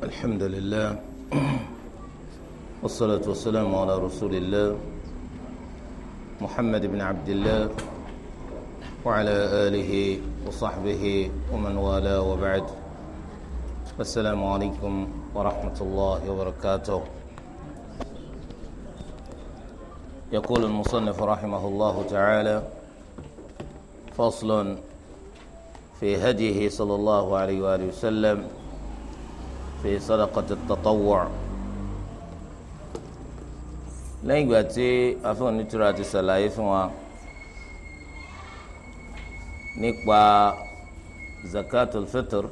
الحمد لله والصلاة والسلام على رسول الله محمد بن عبد الله وعلى آله وصحبه ومن والاه وبعد السلام عليكم ورحمة الله وبركاته يقول المصنف رحمه الله تعالى فصل في هديه صلى الله عليه وآله وسلم fi sadaqa at-tatawwu' lẹ́yìn ìgbà tí afẹ́wọ̀n nítorí àti sàlàyé fún wa nípa zakatul fitr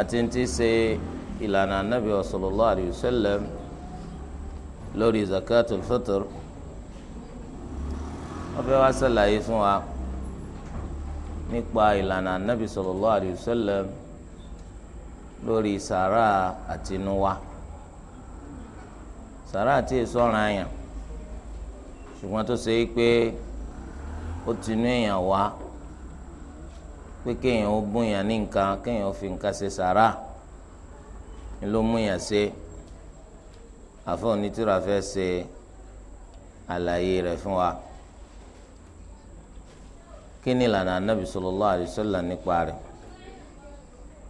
àti ti ṣe ìlànà anabi sallallahu alayhi wa sallam lórí zakatul fitr wọ́n fẹ́ wá sàlàyé fún wa nípa ìlànà anabi sallallahu alayhi lórí sàrà àtinúwá sàrà àti èso ọ̀ràn àyàn ṣùgbọ́n tó ṣe é pé ó ti nú èèyàn wá pé kéèyàn ó bún yàn ní nǹkan kéèyàn fi nǹkan ṣe sàrà ni ló mú yàn ṣe àfọ onítìrà fẹ́ ṣe àlàyé rẹ̀ fún wa kí ni ìlànà nípa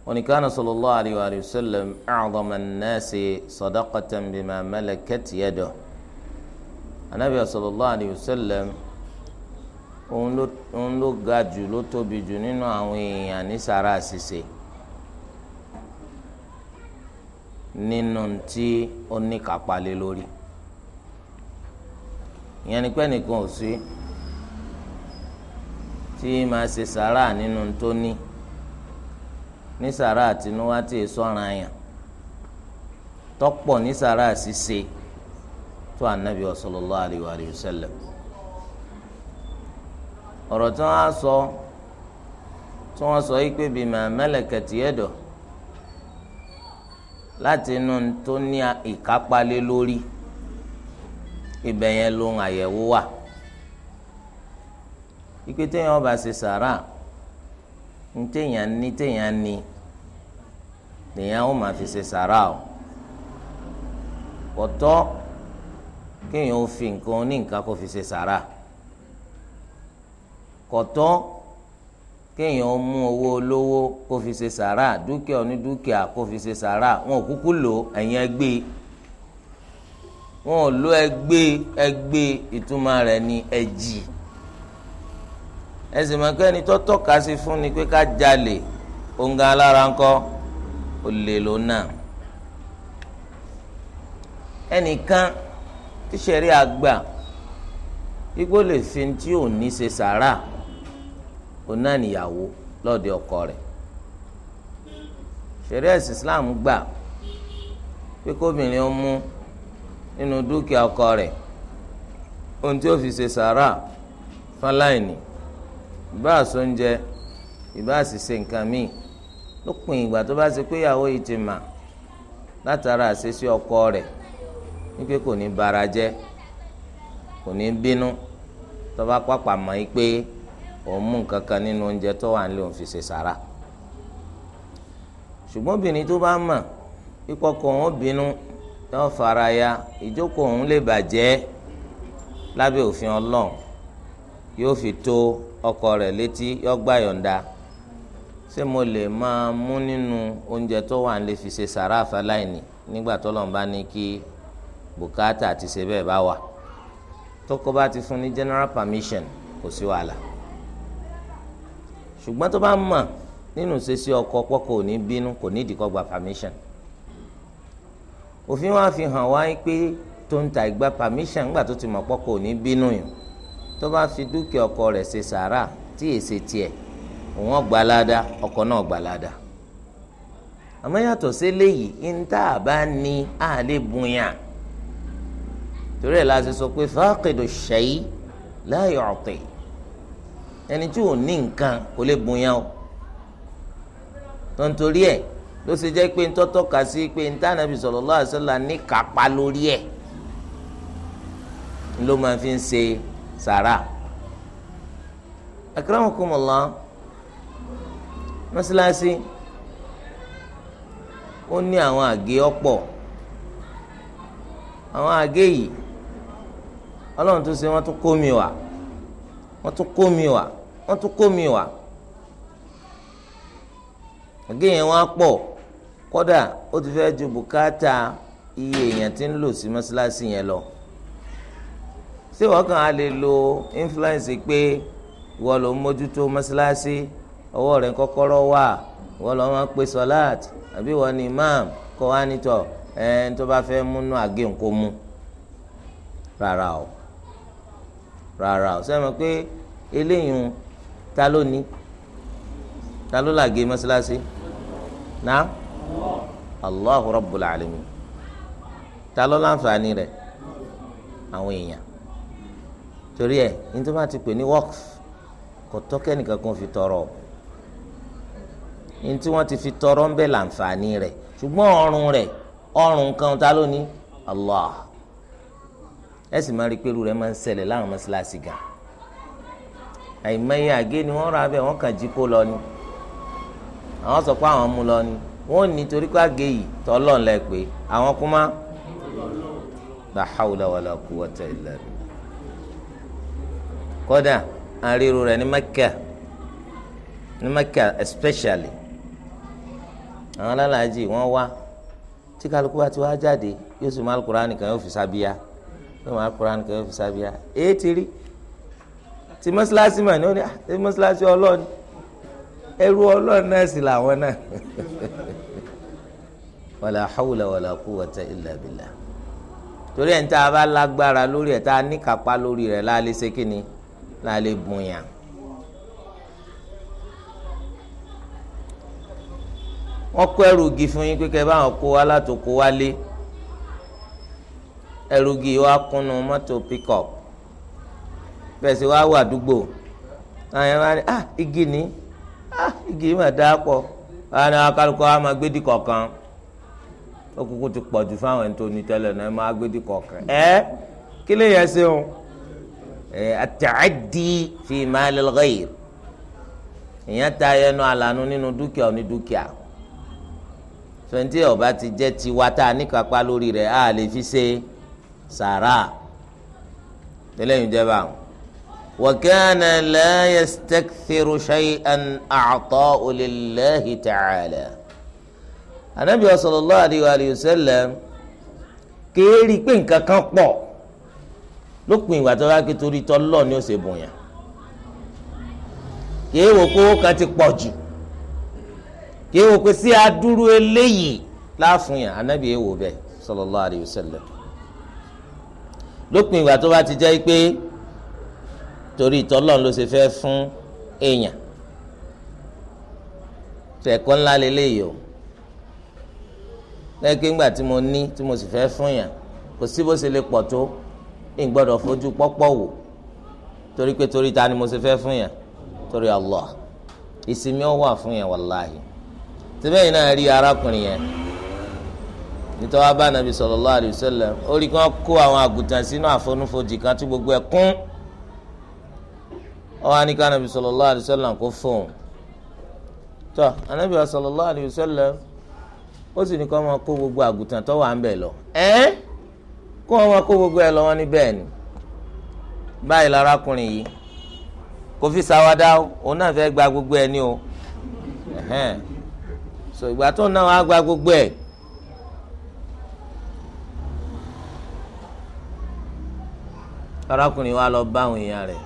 oníkànnà sallallahu alayhi wa sallam a'dhama an-nasi sadaqatan bima malakat yaduhu anabi sallallahu alayhi wa sallam òun ló ga jù ló tóbi jù nínú àwọn èèyàn ní sàrà àṣìṣe nínú tí ó ní kápálẹ lórí ìyẹn ni pé nìkan ò sí tí máa ṣe sàrà nínú tó ní ní sàrà àtinúwá tí èso ọ̀ràn àyàn tọ́pọ̀ ní sàrà àṣìṣe tó ànábì sallallahu alayhi wa sallam ọ̀rọ̀ tí wọ́n á tí wọ́n sọ yìí pé bima malakat yaduhu láti inú tó ní ìkápálẹ́ lórí ibẹ̀ yẹn lohun àyẹ̀wò wà ìpè téèyàn bá ṣe sàrà ní téèyàn ní téèyàn ní nìyẹn ó máa fi ṣe sàrà o pọ̀tọ́ kéèyàn ó fi nǹkan ní nǹkan kó fi ṣe sàrà kọ̀tọ́ kéèyàn ó mú owó olówó kó fi ṣe sàrà dúkìá onídúkìá kó fi ṣe sàrà wọn ò kúkú lò ẹ̀yìn ẹgbẹ́ e. wọn ò lo ẹgbẹ́ e. ẹgbẹ́ e. ìtumọ̀ rẹ̀ ní ẹ̀jì ẹ̀sìn mọ̀kẹ́ni tó tọ́ka sí fún ni pé ká jalè òǹgà alára ńkọ́ olè ló náà ẹnìkan tí sẹ̀rí àgbà igbó lè fi tí ò ní ṣe sàrà òun náà níyàwó lọ́ọ̀dẹ ọkọ rẹ̀ sẹ̀rí ẹ̀sìn Islam gbà pé kóbìnrin ó mú nínú dúkìá ọkọ rẹ̀ ohun tí ó fi ṣe sàrà fáláìní ìbá àsóúnjẹ ìbá àṣìṣe nǹkan míì lópin ìgbà tó bá ṣe pé ìyàwó yìí ti mà látara àṣeṣe ọkọ rẹ̀ wípé kò ní bara jẹ́ kò ní bínú tó bá pàpà mọ̀ yìí pé òun mú nǹkan kan nínú oúnjẹ tó wà nílé òun fi ṣe sàrà ṣùgbọ́n obìnrin tó bá mọ̀ ìkọkọ̀ òun bínú yóò fara ya ìjókòó òun lè bàjẹ́ lábẹ́ òfin ọlọ́run yóò fi tó ọkọ rẹ̀ létí yóò yọ̀ǹda ṣé mo lè máa mú nínú oúnjẹ tó wà nílé fi ṣe sàrà àfàláìní nígbà tó lọ́n bá ní kí bùkátà àti ṣe bẹ́ẹ̀ bá wà tókò bá ti fún ní general permission kò sí wàhálà ṣùgbọ́n tó bá mọ̀ nínú ṣíṣe ọkọ pọ́kọ ò ní bínú kò ní ìdíkọ́ gba permission òfin wa fi hàn wá pé tó ń ta ìgbà permission nígbà tó ti mọ̀ pọ́kọ ò ní bínú yìí tó bá fi dúkìá ọkọ rẹ̀ ṣe sàárà tí èsì tiẹ̀ òun ọgbà ládàá ọkọ náà gbà ládàá àmọ́ yàtọ̀ sí eléyìí níta àbá ní àlébùnyà torí ẹ̀ la ṣe sọ pé fáàkìdù ṣẹ́yí láàyò ọ̀tẹ̀ ẹni tí ò ní nǹkan kò lè bùnyà o tontorí ẹ̀ ló ṣe jẹ́ pé ntọ́tọ́ kà sí pé níta nàbì sallallahu alaihi wasallam ní kápá lórí ẹ̀ ló máa fi ń ṣe sàrà akramakumullah mọ́sálásí ó ní àwọn àgé ọ̀pọ̀ àwọn àgé yìí ọlọ́run tó ṣe wọ́n tún kó mi wá wọ́n tún kó mi wá wọ́n tún kó mi wá àgé yẹn wọ́n á pọ̀ kódà ó ti fẹ́ ju bùkátà iye èèyàn tí ń lò sí mọ́sálásí yẹn lọ ṣé wọ́n kàn á lè lo influence pé ìwọ ló ń mójútó mọ́sálásí ọwọ́ rẹ̀ kọ́kọ́rọ́ wà wọ́n lọ́ máa pe sọ́láàt àbí wọ́n ní imam kọ́ wá nítọ̀ ẹni tó bá fẹ́ múnú àgé nǹkó mú rárá o rárá o sẹ́mi pé eléyìí ta ló ní ta ló làgé mọ́sálásí náà Allahu Rabbul Alamin ta ló láǹfààní rẹ̀ àwọn èèyàn torí ẹ̀ ní tó bá ti pè ní wọ́ọ̀kì kò tọ́kẹ́ nìkan kan fi tọrọ ní tí wọ́n ti fi tọrọ ń bẹ láǹfààní rẹ̀ ṣùgbọ́n ọrùn rẹ̀ ọrùn kan ta ló ní Allah ẹ sì máa rí pẹ̀lú rẹ̀ máa ń ṣẹlẹ̀ láwọn mọ́ṣáláṣí gan àìmọye àgé ni wọ́n ra bẹ́ẹ̀ wọ́n kàn jí kó lọ ni àwọn sọ pé àwọn mú lọ ni wọ́n ní torí pé àgé yìí tọ́lọ̀ ńlẹ̀ pé àwọn kú má la hawla wala quwwata illa billah kódà àríro rẹ̀ ní Mẹ́kà ní Mẹ́kà especially àwọn alálàájì wọ́n wá tí kálukú bá ti wá jáde yóò sì máa alukurani kan yóò fi sábíà yóò máa alukurani kan yóò fi sábíà èyí ti rí ti mọ́sálásí mà ní ó ní àti ah, mọ́sálásí ọlọ́ọ̀ni ẹrú ọlọ́ọ̀ni náà sì làwọn náà wàlà hawla wàlà quwwata illa billah torí ẹ̀ ń tá a bá lágbára lórí ẹ̀ tá a níkàpá lórí rẹ̀ láàlẹ́ sékìní láàlẹ́ bùnyàn. wọ́n kó ẹrù igi fún yín pé kẹ́ báwọn kó alátòkó wálé ẹrù igi wa kúnnu mọ́tò pickup bẹ́ẹ̀ sì wá wà àdúgbò àwọn yẹn máa ní ah igi ni ah igi yìí mà dáa pọ̀ àwọn àwọn akálùkọ́ ah, wa máa gbé di kọ̀ọ̀kan ó kúkú ti pọ̀ jù fáwọn ẹni tó ní tẹ́lẹ̀ náà ẹ máa gbé di kọ̀ọ̀kan ẹ kí lè yẹ ṣe o ẹ àtàdí fi máa lè lọ́yìí ìyẹn ta ẹnu àlànà nínú dúkìá onídúkìá sọ̀ntì ọba ti jẹ́ tiwa tá a níkapá lórí rẹ̀ a lè fi ṣe sàrà tẹ́lẹ̀yìn jẹ́ bá wọn. وكان لا يستكثر شيئا أعطاء لله تعالى النبي صلى الله عليه وآله وسلم kéèrì pé nǹkan kan pọ̀ lópin ìgbà tó bá ké torí tọ́lọ́ ni ó ṣe bùn yàn kéèwò kówó kan ti pọ̀ jù kí ewo pé sí adúrú eléyìí láàfin yàn anábì ewo bẹ́ẹ̀ sallallahu alayhi wa sallam lópin ìgbà tó bá ti jẹ́ pé torí ìtọ́lọ́n ló ṣe fẹ́ fún èèyàn tẹ̀kọ́ ńlá lélẹ́yìí o lẹ́gbẹ̀ẹ́ ńgbà tí mo ní tí mo sì fẹ́ fún yàn kò sí bó ṣe lè pọ̀ tó ní gbọ́dọ̀ fojú pọ́pọ́ wò torí pé torí ta ni mo ṣe fẹ́ fún yàn torí Allah ìsinmi ó wà fún yàn wàláhì. síbẹ̀ yìí náà rí arákùnrin yẹn nítorí bá nàbí sallallahu alaihi ó rí kó àwọn àgùntàn sínú àfonúfojì kan tí gbogbo ẹ̀ kún ó wá ní ká nàbí kó fóun tó ànábì sallallahu alaihi o ó sì ní kó máa kó gbogbo àgùntàn tó wà ń bẹ̀ lọ ẹ́ kó wọn máa kó gbogbo ẹ̀ lọ wọn ni báyìí yìí kò fi sáwádà gbogbo ẹ̀ ní o. so ìgbà tó náà wàá gba gbogbo ẹ̀. arákùnrin wa lọ bá àwọn èèyàn rẹ̀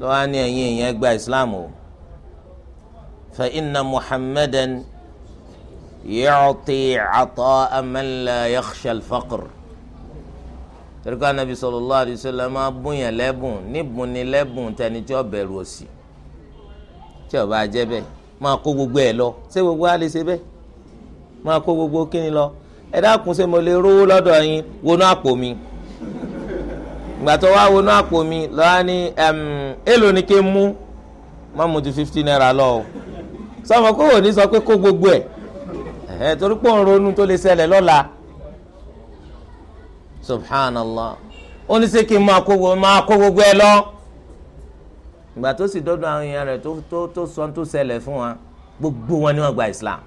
lọ́wọ́ á ní ẹ̀yin èèyàn gba islam o fa inna muhammadan yu'ti 'ata'a man la yakhsha al-faqr torí ká nàbí sallallahu alaihi wasallam máa bùnyàn lẹ́bùn níbùn ni lẹ́bùn tẹni tí ó bẹ̀rù òṣì tí ó bá jẹ́ bẹ́ẹ̀ máa kó gbogbo ẹ̀ lọ ṣé gbogbo á lè ṣe bẹ́ẹ̀ máa kó gbogbo kíni lọ ẹ dákun ṣe mo lè rówó lọ́dọ̀ yín wọnú àpò mi ìgbà tó wá wọnú àpò mi lọ́wọ́ ní èlò ni kí n mú má naira lọ o sọmọ kó wò ní sọ pé kó gbogbo torí ronú tó lè ṣẹlẹ̀ lọ́la subhanallah ó ní máa kó gbogbo ẹ ìgbà tó sì dọ́dọ̀ àwọn èèyàn rẹ̀ tó tó sọ tó ṣẹlẹ̀ fún wa gbogbo wọn ni wọ́n gba islam.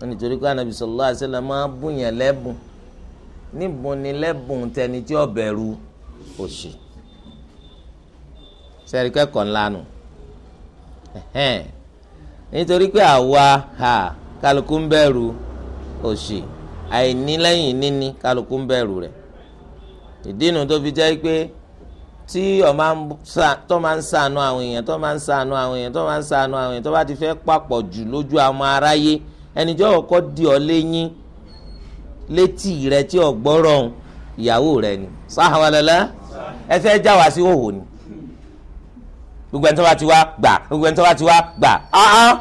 wọ́n nítorí pé anabi sallallahu alaihi wasallam máa bùn yẹn lẹ́bùn níbùn ni lẹ́bùn tẹni tí ó bẹ̀rù òṣì sẹ́rí kẹ́kọ̀ọ́ ńlá nù nítorí pé àwa kálukú ń bẹ̀rù òṣì àìní lẹ́yìn níní kálukú ń bẹ̀rù rẹ̀ ìdí inú tó fi jẹ́ pé tí ọ máa sa tó máa ń sànú àwọn èèyàn tó máa ń sànú àwọn èèyàn tó máa ń sànú àwọn èèyàn tó bá ti fẹ́ papọ̀ jù lójú àwọn aráyé ẹnìjọ́ ọkọ di ọ léyìn létí rẹ tí ọ gbọ́rọ̀ ìyàwó rẹ ni sáhàwálẹ́lẹ́ ẹ fẹ́ já wá sí òhò ni gbogbo ẹni tó bá ti wá gbà gbogbo ẹni tó bá ti wá gbà áhán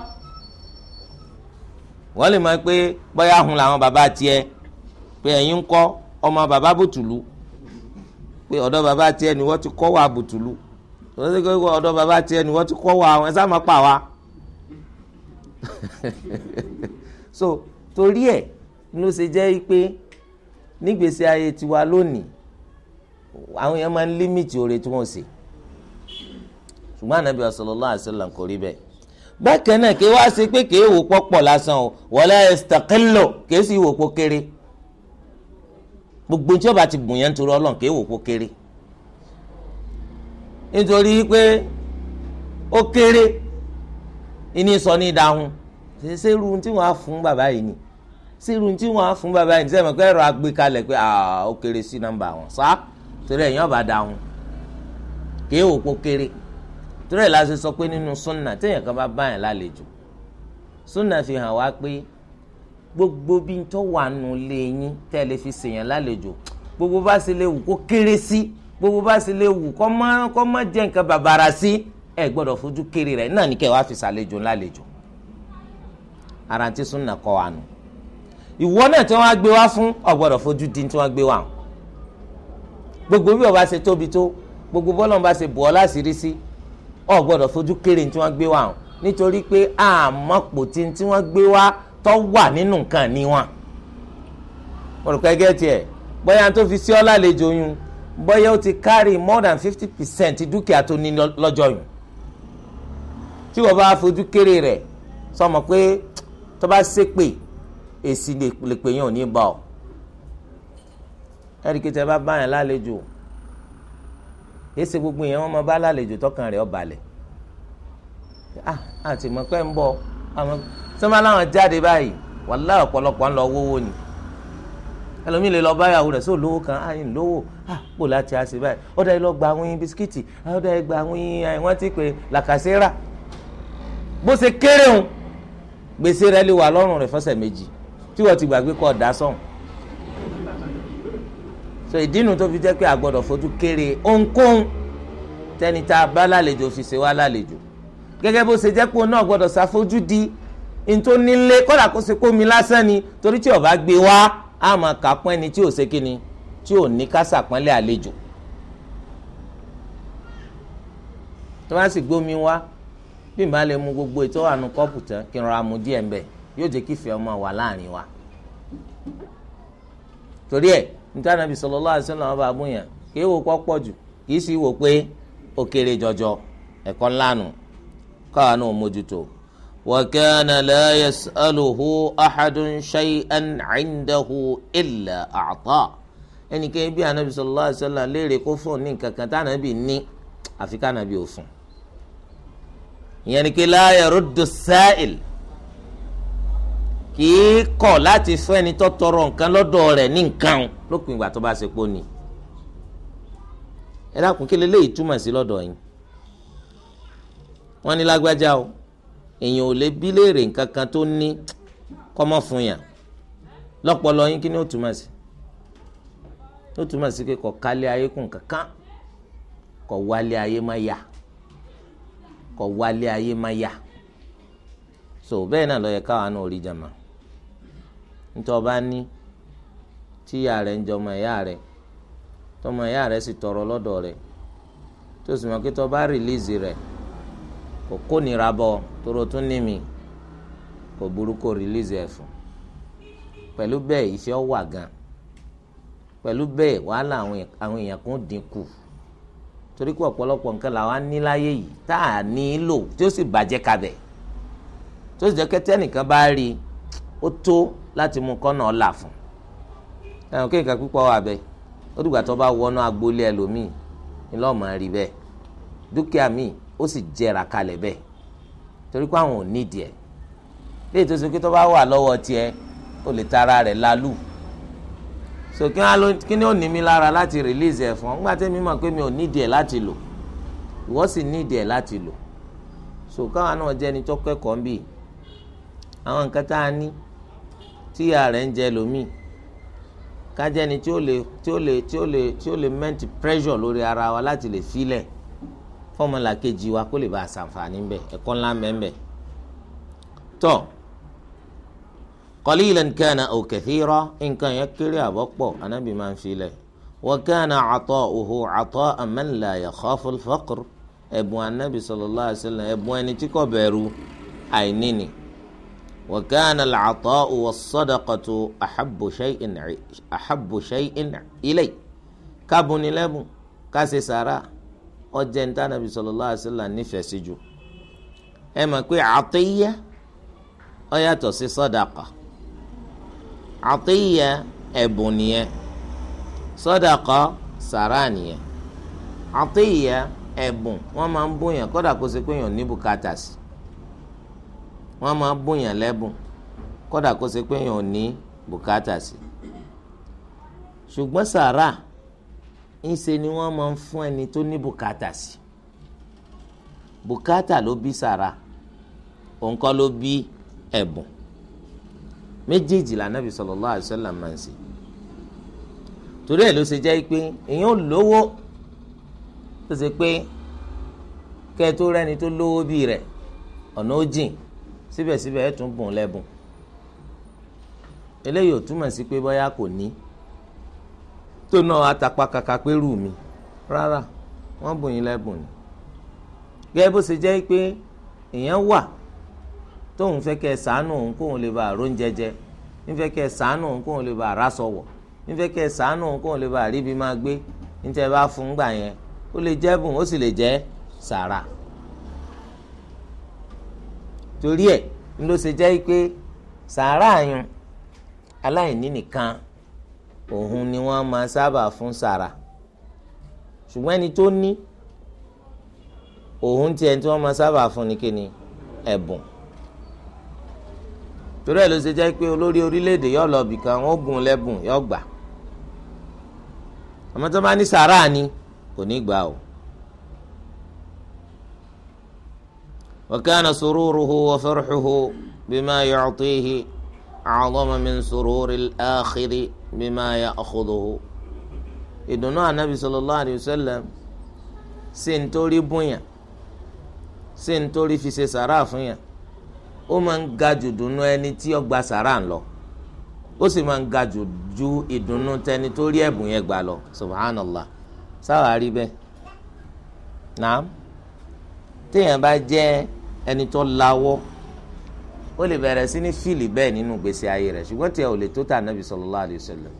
wọ́n lè mọ̀ pé bóyá ahùn làwọn bàbá tiẹ̀ pé ẹ̀yin ń kọ́ ọmọ bàbá bòtùlù pé ọ̀dọ̀ bàbá tiẹ̀ ni wọ́n ti kọ́ wa bùtùlù ọ̀dọ̀ bàbá tiẹ̀ ni wọ́n ti kọ́ wa àwọn sáà máa pa wa. so torí ẹ̀ ló ṣe jẹ́ pé nígbèsè ayé tiwa lónìí àwọn yẹn máa ń límìtì oore tí wọ́n ṣe ṣùgbọ́n ànábì sallallahu alaihi kò rí bẹ́ẹ̀ bákan náà kí wá sí pé kì í wò pọ̀ pọ̀ lásán o wala yastaqillu kì í sì wò pọ̀ kéré gbogbo tí ọba ti gùn yẹn nítorí ọlọ́run kéwò kó kéré nítorí pé ó kéré ìní sọ ní ìdáhùn ṣerú tí wọ́n á fún bàbá yìí ni ṣerú tí wọ́n á fún bàbá yìí ni sẹ́mi pé ẹ̀rọ agbékalẹ̀ pé ó kéré sí nọ́mbà wọn sá torí ẹ̀yìn ọba dáhùn kéwò kó kéré torí ẹ̀ la sọ pé nínú súnà téèyàn kan bá báyàn lálejò súnà fi hàn wá pé gbogbo bí n tó wà nù lé yín tẹ́ ẹ lè fi ṣèyàn lálejò gbogbo bá sì lè wù kó kéré sí gbogbo bá sì lè wù kó má kó má jẹ́ nǹkan bàbàrà sí ẹ gbọ́dọ̀ fojú kéré rẹ̀ náà ní kẹ́ ẹ wá fi ṣàlejò lálejò ara ti sún nàkọ́ wa nù ìwọ náà tí wọ́n á gbé wá fún ọ gbọ́dọ̀ fojú di tí wọ́n gbé wá gbogbo bí ọba ṣe tóbi tó gbogbo bọ́lọ̀ bá ṣe bù ọ́ láṣìírí sí ọ gbọ́dọ̀ fojú kéré tí wọ́n gbé wá nítorí pé àmọ́pò tí wọ́n gbé wá tó wà nínú nǹkan ní wọn. mo rò pé gẹ́tì ẹ̀ bóyá tó fi sí ọ́ lálejò yun bóyá ó ti carry more than fifty percent dúkìá tó ní lọ́jọ́ yun tí wọ́n bá fojú kéré rẹ̀ sọmọ pé tó bá ṣépè èsì lè pè yàn ní bá ọ ẹ̀ríkì tẹ bá báyàn lálejò èsì gbogbo yẹn wọ́n mọ bá lálejò tọkàn rẹ̀ ó balẹ̀ ah àti ń bọ̀ àwọn tí wọ́n láwọn jáde báyìí wàláhì ọ̀pọ̀lọpọ̀ ń lọ wówó ni ẹlòmíì lè lọ báyàwó rẹ̀ sí olówó kan àyè ńlówó àpò láti àṣẹ báyìí ó dá ilọ́ gba àwọn yin bisikíìtì ó dá ilọ́ gba àwọn yin wọ́n ti pè làkàṣẹ́rà bó ṣe kéré òun gbèsè rẹ̀ lè wà lọ́rùn rẹ̀ fọ́sẹ̀ méjì tí wọ́n ti gbàgbé kọ́ ọ̀dà sọ̀hún so ìdínú tó fi jẹ́ pé àgbọ̀dọ̀ fojú kéré ohunkóhun tẹni tá a bá lálejò fi ṣe wá lálejò gẹ́gẹ́ bó ṣe jẹ́ pé òun náà gbọ́dọ̀ ṣàfojúdi ntò nílé kódà kó ṣe kó mi lásán ni torí tí ọba gbé wá á máa kà pọ́n ẹni tí ò ṣe kíni tí ò ní ká ṣàpọ́nlé àlejò tó bá sì gbómi wá bí n bá lè mu gbogbo ètò àánú kọ́pù tán kí n ra mu díẹ̀ ń bẹ̀ yóò jẹ́ kí ìfẹ́ ọmọ wà láàrin wa torí ẹ̀ níta nàbì sallallahu alaihi wasallam bá bóyá kí èèwọ̀ kọ́ pọ̀ jù kì í sì wò pé ó jọjọ ẹ̀kọ́ ńlá nù káwa náà mójútó. وكان لا يسأله أحد شيئا عنده إلا أعطاه ẹnì kan bí anabi sallallahu alayhi wa sallam léèrè kó fún ní kankan tá anabi ní àfi ká anabi ò fún ìyẹn ni kí la yaruddu as-sa'il kì í kọ̀ láti fún ẹni tó tọrọ nǹkan lọ́dọ̀ rẹ̀ ní nǹkan lópin ìgbà tó bá ṣe pọ̀ ni ẹ dákun kí lélẹ́yìí túmọ̀ sí lọ́dọ̀ yín wọ́n ní lágbájá o. èèyàn ò lè bí léèrè tó ní kọ́mọ́ fún yàn lọ́pọlọ yín kí ni ó túmọ̀ sí ó túmọ̀ sí pé kò kálé ayé kùn kankan kò wálé ayé má yá kò wálé ayé má so bẹ́ẹ̀ náà ló yẹ náà rí jama nítorí ní tí ìyá rẹ̀ ń ìyá rẹ̀ tọmọ ìyá rẹ̀ sì tọrọ lọ́dọ̀ rẹ̀ tó sì mọ̀ pé tọ́ rìlíìsì kò kó nira bọ tóró tún ní mi kò burúkú release ẹ fún pẹ̀lú bẹ́ẹ̀ iṣẹ́ ọ wà gan pẹ̀lú bẹ́ẹ̀ wàhálà àwọn èèyàn kan dín kù torí pé ọ̀pọ̀lọpọ̀ nǹkan làwa ní láyé yìí tá à ní lò tí ó sì bàjẹ́ kabẹ̀ tó sì jẹ́ kẹ́tẹ́ nìkan bá rí ó tó láti mú kọ́nà ọ̀la fún ẹ̀hún kí nǹkan púpọ̀ wà bẹ́ẹ̀ ó dìgbà tó bá wọnú agboolé ẹlòmíì ni rí bẹ́ẹ̀ dúkìá míì ó sì jẹra kalẹ̀ bẹ́ẹ̀ torí pé àwọn ò nídìí ẹ̀ léyìí tó ṣe pé tó bá wà lọ́wọ́ tiẹ̀ ó lè tara rẹ̀ lálù so kí wọn kí ni ó ní mi lára láti release ẹ̀ fún ọ nígbà tẹ́mi mọ̀ pé mi ò nídìí ẹ̀ láti lò ìwọ sì nídìí ẹ̀ láti lò so káwọn náà jẹ́ ẹni tó kẹ́kọ̀ọ́ ń bì àwọn nǹkan tá a ní tíyà rẹ̀ ń jẹ lómìn kájẹ́ni tí ó lè tí ó lè tí ó lè tí ó lè mẹ́ntì pressure lórí ara wa láti lè filẹ̀ fọmọlàkejì wa kó lè bá a ṣàǹfààní ń bẹ ẹ̀kọ́ ńlá ń bẹ ń bẹ tọ qalilan kana aw kathira nǹkan yẹn kéré àbọ̀pọ̀ anábì máa ń filẹ̀ wa kana ata'uhu ata'an man la yakhafu al-faqr ẹ̀bùn anábì sallallahu alaihi wasallam ẹ̀bùn ẹni tí kò bẹ̀rù àìní ni wa kana al-ata'u was-sadaqatu ahabbu kábùnilẹ́bùn ká sàrà. ọjẹ́ ní tànàbí sallallahu alaihi wasallam sí ẹ mọ̀ pé àtẹ́yẹ ọ yàtọ̀ sí sọ́dàkà àtẹ́yẹ ẹ̀bùn nìyẹn ni sàrà nìyẹn àtẹ́yẹ ẹ̀bùn wọ́n máa ń bóyàn kódà kó ṣe pé èèyàn ní sí wọ́n máa ń bóyàn lẹ́bùn kódà kó ní bùkátà sí ṣùgbọ́n sàrà. ńṣe ni wọ́n máa ń fún ẹni tó ní bùkátà sí bùkátà ló bí sàrà òun kọ́ ló bí ẹ̀bùn méjèèjì lànàbì sallallahu alaihi wasallam máa ń ṣe torí ẹ̀ ló ṣe jẹ́ pé èèyàn lówó tó ṣe pé kẹ́ ẹ tó rẹ́ni tó lówó bí rẹ̀ ọ̀nà ó jìn síbẹ̀síbẹ̀ ẹ̀ tún bùn lẹ́bùn eléyìí ò túmọ̀ sí pé bóyá kò ní. tó náà atapa kàkà pé rù rárá wọn bùn yín lẹ́bùn ni gẹ́gẹ́ bó ṣe jẹ́ pé èèyàn wà tóun fẹ́ kẹ́ sàánù òun kóun lè ba àrùn jẹjẹ nífẹ̀ẹ́ kẹ́ sàánù òun kóun lè ba àrà sọ̀wọ̀ nífẹ̀ẹ́ kẹ́ sàánù òun kóun lè ba àríbi máa gbé níta bá fún gbà yẹn ó lè jẹ́ bùn òun ni wọ́n máa sábà fún sàrà ṣùgbọ́n ẹni tó ní òun tí wọ́n máa sábà fún ni kí ẹ̀bùn torí ẹ̀ ló jẹ́ pé olórí orílẹ̀-èdè yóò lọ bìkan ọ gùn lẹ́bùn yóò gbà àmọ́ tó bá ní sàrà ni kò ní gbà o. wa kana sururuhu wa أعظم من سرور الآخر بما يأخذه ìdùnnú anabi sallallahu alayhi wa sallam ṣe ń torí búnyàn ṣe ń torí fi ṣe sàrà fún yàn ó máa ń ga jù dùnnú ẹni tí ó gba sàrà ń lọ ó sì máa ń ga jù ju ìdùnnú tẹni tó rí ẹ̀bùn yẹn gbà lọ subhanallah sáwà rí bẹ́ẹ̀ náà téèyàn bá jẹ́ ẹni tó lawọ́ ó lè bẹ̀rẹ̀ sí ní fíìlì bẹ́ẹ̀ nínú gbèsè ayé rẹ̀ ṣùgbọ́n tí a ò lè tó tà nàbì sallallahu alaihi wasallam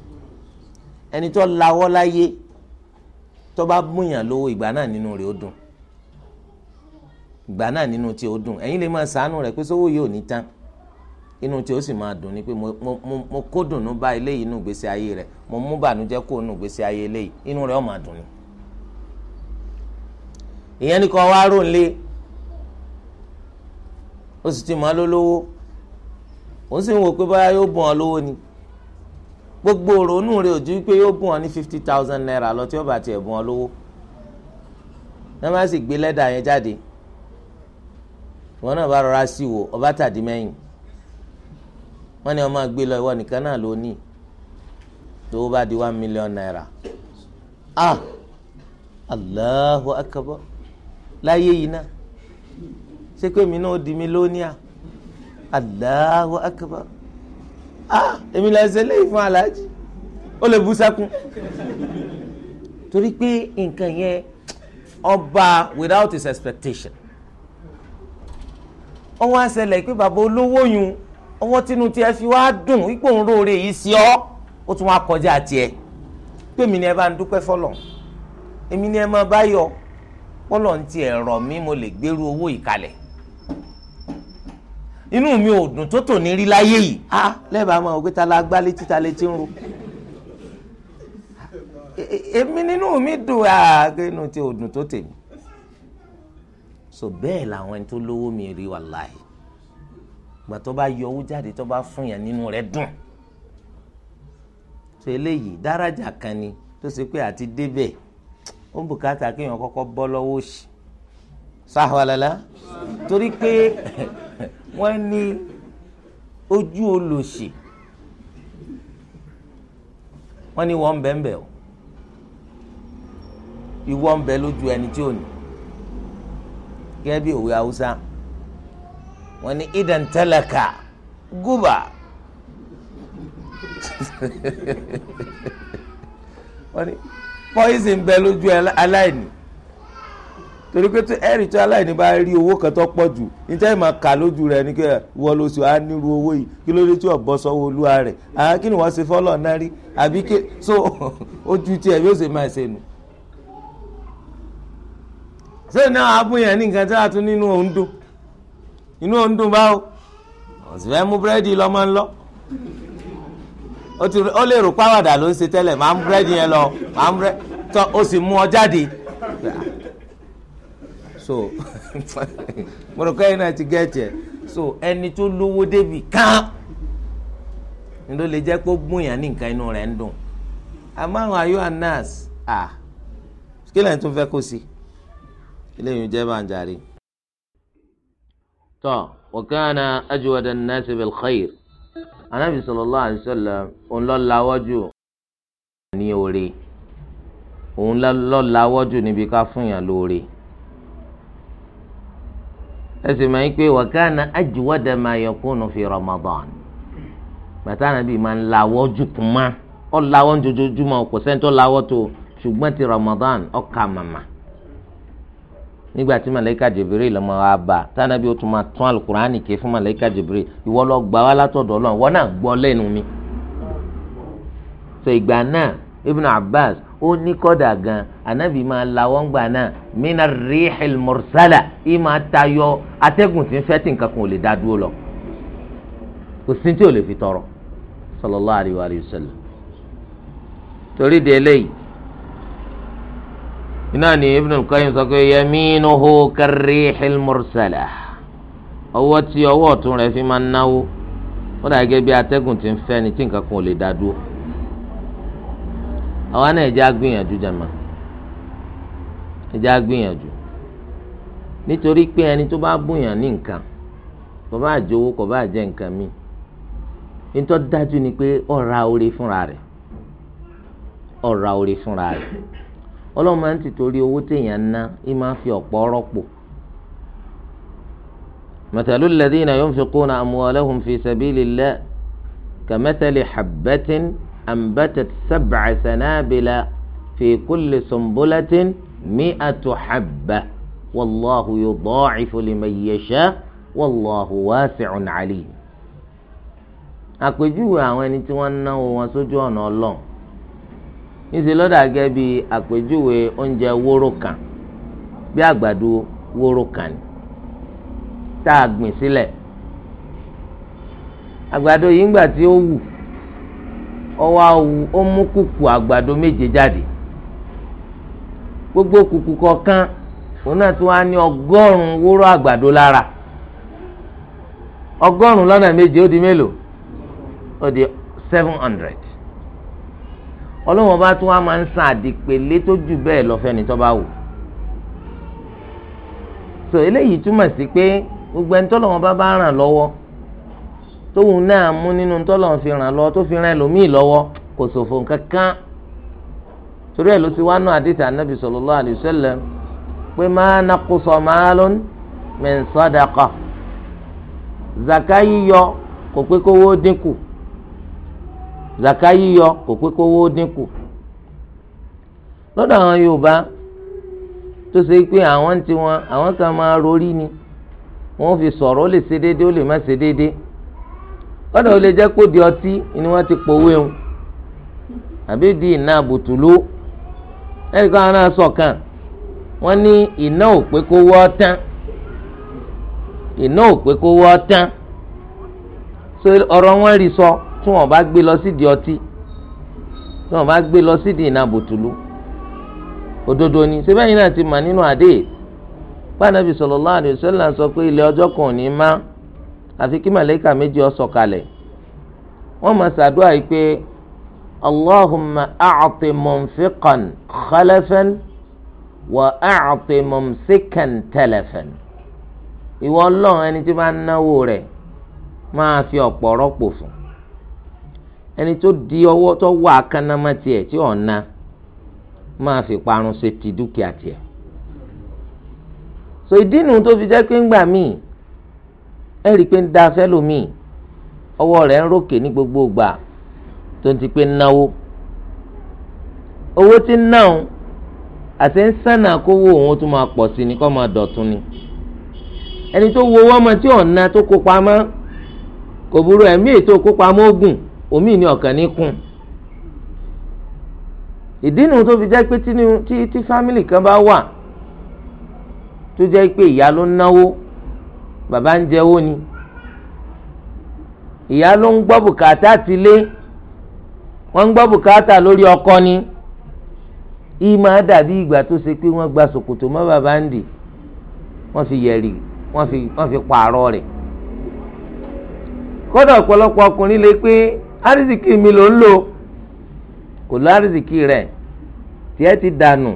ẹni tó lawọ́ láyé tó bá múyàn lówó ìgbà náà nínú rẹ̀ ó dùn ìgbà náà nínú tí ó dùn ẹ̀yin lè máa sàánú rẹ̀ pé sówó yìí ò ní tán inú tí ó sì máa dùn ni pé mo kó dùnú bá eléyìí inú gbèsè ayé rẹ̀ mo mú bànújẹ́ kó inú gbèsè ayé eléyìí inú rẹ̀ ó máa dùn ni ìyẹn ni kò wá rò ń lé ó sì ti máa ló lówó ó sì ń wò pé báyà yóò bùn ọ lówó ni gbogbo òrónú rẹ ò ju pé yóò bùn ọ ní fifty thousand naira lọ tí ó bá tiẹ̀ bùn ọ lówó náà má sì gbé lẹ́dà yẹn jáde wọn náà bá rọra sí wò ọba tàdí mẹ́yìn wọn ni wọn máa gbé lọ ìwọ nìkan náà ló ní tó bá di one million naira ah Allahu akbar láyé yìí náà ṣé pé mi náà di mílíọ̀nìà Allahu akbar ah èmi là ń ṣe léyìí fún aláàjì ó lè bú sẹ́kún torí pé nǹkan yẹn ọba without his expectation ọwọ́ àṣẹlẹ̀ pé bàbá olówó yun ọwọ́ tinú tiẹ̀ fi wá dùn ipò ń róore yìí sí ọ́ ó tún wá kọjá tiẹ̀ pé mi ni ẹ bá ń dúpẹ́ fọlọ́ èmi ni ẹ máa bá yọ pọ́lọ́ ń tiẹ̀ rọ̀ mí mo lè gbèrú owó ìkalẹ̀ inú mi ò dùn tó tò ní rí láyé yìí a lẹ́bàá máa gbé ta la gbá létí ta létí ń ro e, e, èmi nínú mi dùn àgbẹ̀nu tí ò dùn tó tèmi so bẹ́ẹ̀ làwọn ẹni tó lówó mi rí wàláhì gbà tó bá yọ owó jáde tó bá fún yàn nínú rẹ̀ dùn so eléyìí dáràjà kan ni tó ṣe pé àti débẹ̀ ó ń bùkátà kéèyàn kọ́kọ́ bọ́ lọ́wọ́ òṣì sáhàwálálá torí pé wọ́n ní ojú olòṣì wọ́n ní wọ́n bẹ́ẹ̀ o ìwọ ń bẹ lójú ẹni tí ò ní gẹ́gẹ́ bí òwe haúsá wọ́n ní idan tẹ́lẹ̀kà gúbà wọ́n ní poison bẹ lójú aláìní torí pé ẹ̀rì tó aláìní bá rí owó kan tó pọ̀ jù níta ìmọ̀ kà lójú rẹ̀ ni pé wọ́n lọ sí wa nírú owó yìí kí ló dé tí ò sọ́wọ́ olúwa rẹ̀ àwọn kí ni wọ́n ṣe so ojú yóò ṣe máa ṣe nù. ṣé ní nǹkan tí a tún nínú òun dùn inú òun dùn báwo ọ̀sìn fẹ́ mú búrẹ́dì ó lè rò pàwàdà ló ń ṣe tẹ́lẹ̀ máa ń búrẹ́dì yẹn lọ máa o sì mú ọ jáde so mo rò kẹ́yìn náà ti gẹ́ẹ̀tì ẹ̀ so ẹni tó lówó débi kán ni ló lè jẹ́ pé ó gbóyàn ní nǹkan inú rẹ̀ ń dùn àmọ́ àwọn ayọ́ anas à kí lẹ́yìn tó fẹ́ kó sí eléyìí jẹ́ bàǹjàre. tọ́ wakana ajwada an-nas bil khair anabi sallallahu alaihi wasallam ní oore òun lọ níbi ká fún yàn lóore ẹsẹ̀ máa ń pè wa kana ajwada ma yakunu fi Ramadan bàtà nàbí máa ń lawọ́ jùkùn má ọ lawọ́ jojoojúmọ́ kò sẹ́ńtọ́ lawọ́ tó ṣùgbọ́n ti Ramadan ọkà màmá nígbà tí malayika jibiri lọ́mọ wa bá tánàbí o tún máa tún alukurani ké fún malayika jibiri ìwọ lọ gbà wá látọ̀dọ̀ Ọlọ́run wọn náà gbọ́ lẹ́nu mi. sọ ìgbà náà Ibn Abbas ó ní kọ́dà gan anabi máa lawọ́ ń gbà náà mina rihil mursala yìí máa tayọ atẹ́gùn tí ń fẹ́ tí nǹkan kan ò lè dá dúró lọ kò sí tí ò lè fi tọrọ sallallahu alayhi wa sallam torí de eléyìí iná ni Ibn al-Qayyim sọ pé yaminuhu karrihil mursala ọwọ́ tí ọwọ́ ọ̀tún rẹ̀ fi máa náwó ó dàgẹ́ bí atẹ́gùn tí ń fẹ́ ni tí nǹkan kan ò lè dá dúró àwa náà ẹja gbìyànjú jàmá ẹja gbìyànjú nítorí pé ẹni tó bá bùyàn ní nǹkan kò bá jowó kò bá jẹ nǹkan míì nítorí dájú ni pé ọ̀ra orí fúnra rẹ̀ ọ̀ra orí fúnra rẹ̀ ọlọ́run máa ń tìtorí owó téèyàn ná ẹ máa fi ọ̀pọ̀ rọ́pò. مثل الذين ينفقون أموالهم في سبيل الله كمثل حبة أنبتت سبع سنابل في كل سنبلة مئة حبة والله يضاعف liman يشاء والله واسع alim. àpèjúwe àwọn ẹni tí wọ́n ń náwó wọn sójú ọ̀nà ọlọ́run níṣẹ́ lọ́dà gẹ́gẹ́ bí àpèjúwe oúnjẹ wóró kan bí àgbàdo wóró kan ni tá a gbìn sílẹ̀ àgbàdo yìí ń gbà tí ó wù ọwọ́ awu ó mú kùkù àgbàdo méje jáde gbogbo kùkù kọ̀ọ̀kan òun náà tún wá ní ọgọ́rùn-ún wóró àgbàdo lára ọgọ́rùn-ún lọ́nà méje ó di mélòó ó di seven hundred ọlọ́wọ́n bá tó jù bẹ́ẹ̀ lọ tó bá so eléyìí túmọ̀ sí pé gbogbo ẹni tóun náà mú nínú tọ́lọ̀ fi ràn lọ tó fi ràn ẹlòmíì lọ́wọ́ kò ṣòfò kankan torí ẹ̀ ló ti wá nù àdìtì ànábì sallallahu alayhi wa sallam pé ma naqusa malun min sadaqa zaka yíyọ kò pé kówó dínkù zaka yíyọ kò pé kówó dínkù lọ́dọ̀ àwọn Yorùbá tó ṣe pé àwọn tiwọn àwọn kan máa rorí ni wọ́n fi sọ̀rọ̀ ó lè ṣe déédéé ó lè má ṣe déédéé kọ́dọ̀ ó lè jẹ́ kó di ọtí ni wọ́n ti pòwé o àbí di iná àbùtùlù ẹnì kan náà sọ̀kan wọ́n ní iná ò pé kó wọ́ tán iná ò pé kó wọ́ tán so ọ̀rọ̀ wọn rí sọ tí wọ́n bá gbé lọ sídìí ọtí tí wọ́n bá gbé lọ sídìí iná àbùtùlù òdodo ni ṣé bẹ́ẹ̀ yìí náà ti mà nínú àdéhìí bá nàbì sallallahu alaihi wasallam sọ pé ilé ọjọ́ kan ò ní máa àfi kí màlẹ́kà méjì ó sọ̀kalẹ̀ wọ́n máa ṣàdúrà yìí pé allahumma a'ti munfiqan khalafan wa a'ti mumsikan talafan ìwọ ọlọ́run ẹni tí bá ń náwó rẹ̀ máa fi ọ̀pọ̀ rọ́pò fún ẹni tó di ọwọ́ tó wà kánámá tiẹ̀ tí ò ń máa fi parun ṣe ti dúkìá tiẹ̀ so ìdí nu tó fi jẹ́ pé ńgbà míì ẹ rí i pé ń da fẹ́lòmíì ọwọ́ rẹ̀ ń rókè ní gbogbo ìgbà tó ń ti pé náwó owó tí ń náà àti ń sànà kówó òun tó máa pọ̀ sí ni kó máa dọ̀tun ni ẹni tó wo ọmọ tí ọ̀nà tó kó pamọ́ kò burú ẹ̀mí ètò kó pamọ́ ogun omi ni ọ̀kan ní kùn ìdí nu tó fi jẹ́ pé tí tí fámìlì kan bá wà tó jẹ́ pé ìyá ló náwó bàbá ń jẹ́wọ́ ni ìyá ló ń gbọ́ bùkátà ti lé wọ́n ń gbọ́ bùkátà lórí ọkọ ni ìmọ̀ dàbí ìgbà tó ṣe pé wọ́n gba ṣòkòtò mọ́ bàbá ń dì wọ́n fi yẹ̀rì wọ́n fi wọ́n fi pààrọ̀ rẹ̀ kódà ọ̀pọ̀lọpọ̀ ọkùnrin lè pé árísìkì mi ló ń lò kò lọ árísìkì rẹ̀ tiẹ̀ ti dànù.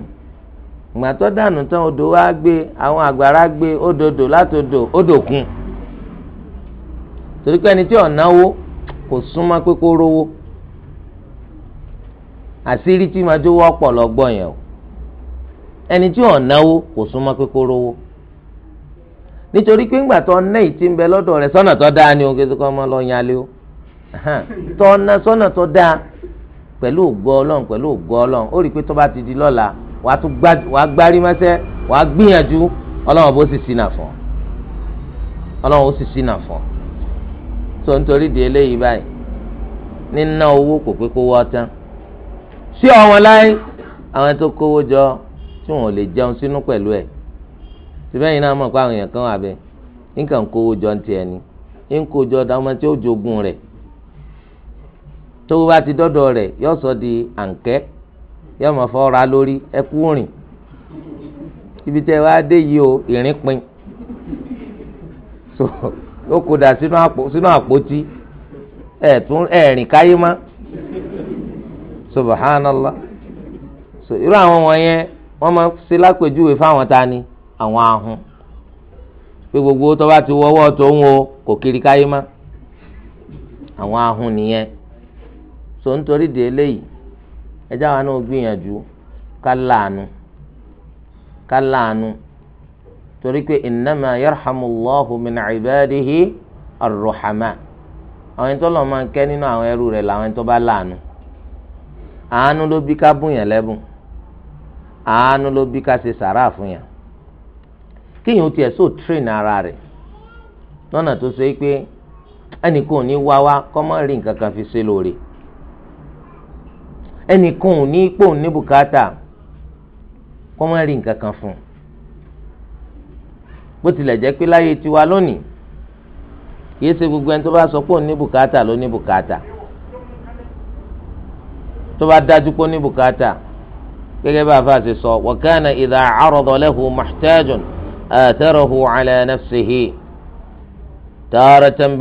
ìgbà tó dànù tán odò wa gbé àwọn àgbàrá gbé odòdó odòkun torí pé ẹni tí ọ̀náwó kò súnmọ́ pé kó rówó àṣírí tí wọ́pọ̀ yẹn o ẹni tí ọ̀náwó kò súnmọ́ pé kó rówó nítorí pé ńgbà tó ọ̀nà ti ń bẹ lọ́dọ̀ o kí lọ́ọ́ o ọ̀nà sọ́nà tó wàá tún wàá gbárí mọ́sẹ́ wàá gbìyànjú ọlọ́run bó sì sínà fún ọlọ́run ó sì sínà fún tó ń torí di eléyìí báyìí níná owó kò pé kó wọ́ tán sí ọ̀wọ́n láyé àwọn tó kówó jọ tí wọn ò lè jẹun sínú pẹ̀lú ẹ̀ síbẹ̀yìn náà mọ̀ pé àwọn èèyàn kan wà bẹ́ẹ̀ nǹkan kówó jọ ń tiẹ̀ ni jọ dáwọn tí ó jogun rẹ̀ tó bá ti dọ́dọ̀ rẹ̀ yóò sọ di àǹkẹ́. yóò mọ̀ fọ ra lórí ẹkú rìn ibi tẹ́ wá dé yìí o ìrìn pin so ó kó dà sínú àpótí ẹ̀ tún rìn káyé má so irú àwọn wọ̀nyẹn wọ́n máa ṣe lápèjúwe fáwọn ta ni àwọn ahun pé gbogbo tó bá ti tó ń wo kò kiri so nítorí dé eléyìí ẹjẹ àwọn náà gbìyànjú ká láàánú ká láàánú torí pé innama yarhamullahu min ibadihi ar àwọn ẹni tó lọ́ọ́ máa ń kẹ́ nínú àwọn ẹrú rẹ̀ làwọn ẹni tó bá láàánú àánú ló bí ká bùn yàn lẹ́bùn àánú ló bí ká ṣe sàrà fún yàn kéèyàn ó tiẹ̀ sóò train ara rẹ̀ lọ́nà tó ṣe é pé ẹnì ní wá wá kọ́ mọ́ rí fi ṣe lóore. ẹnìkan ò ní ipò ní bùkátà kó má rí nǹkan kan fún un bó tilẹ̀ jẹ́ pé láyé tiwa lónìí kìí ṣe gbogbo ẹni tó bá sọ pé òun ní bùkátà ló ní bùkátà tó bá dájú pé ó ní bùkátà gẹ́gẹ́ bá a ṣe sọ wa kana idha arada lahu muhtajun atarahu ala nafsihi taratan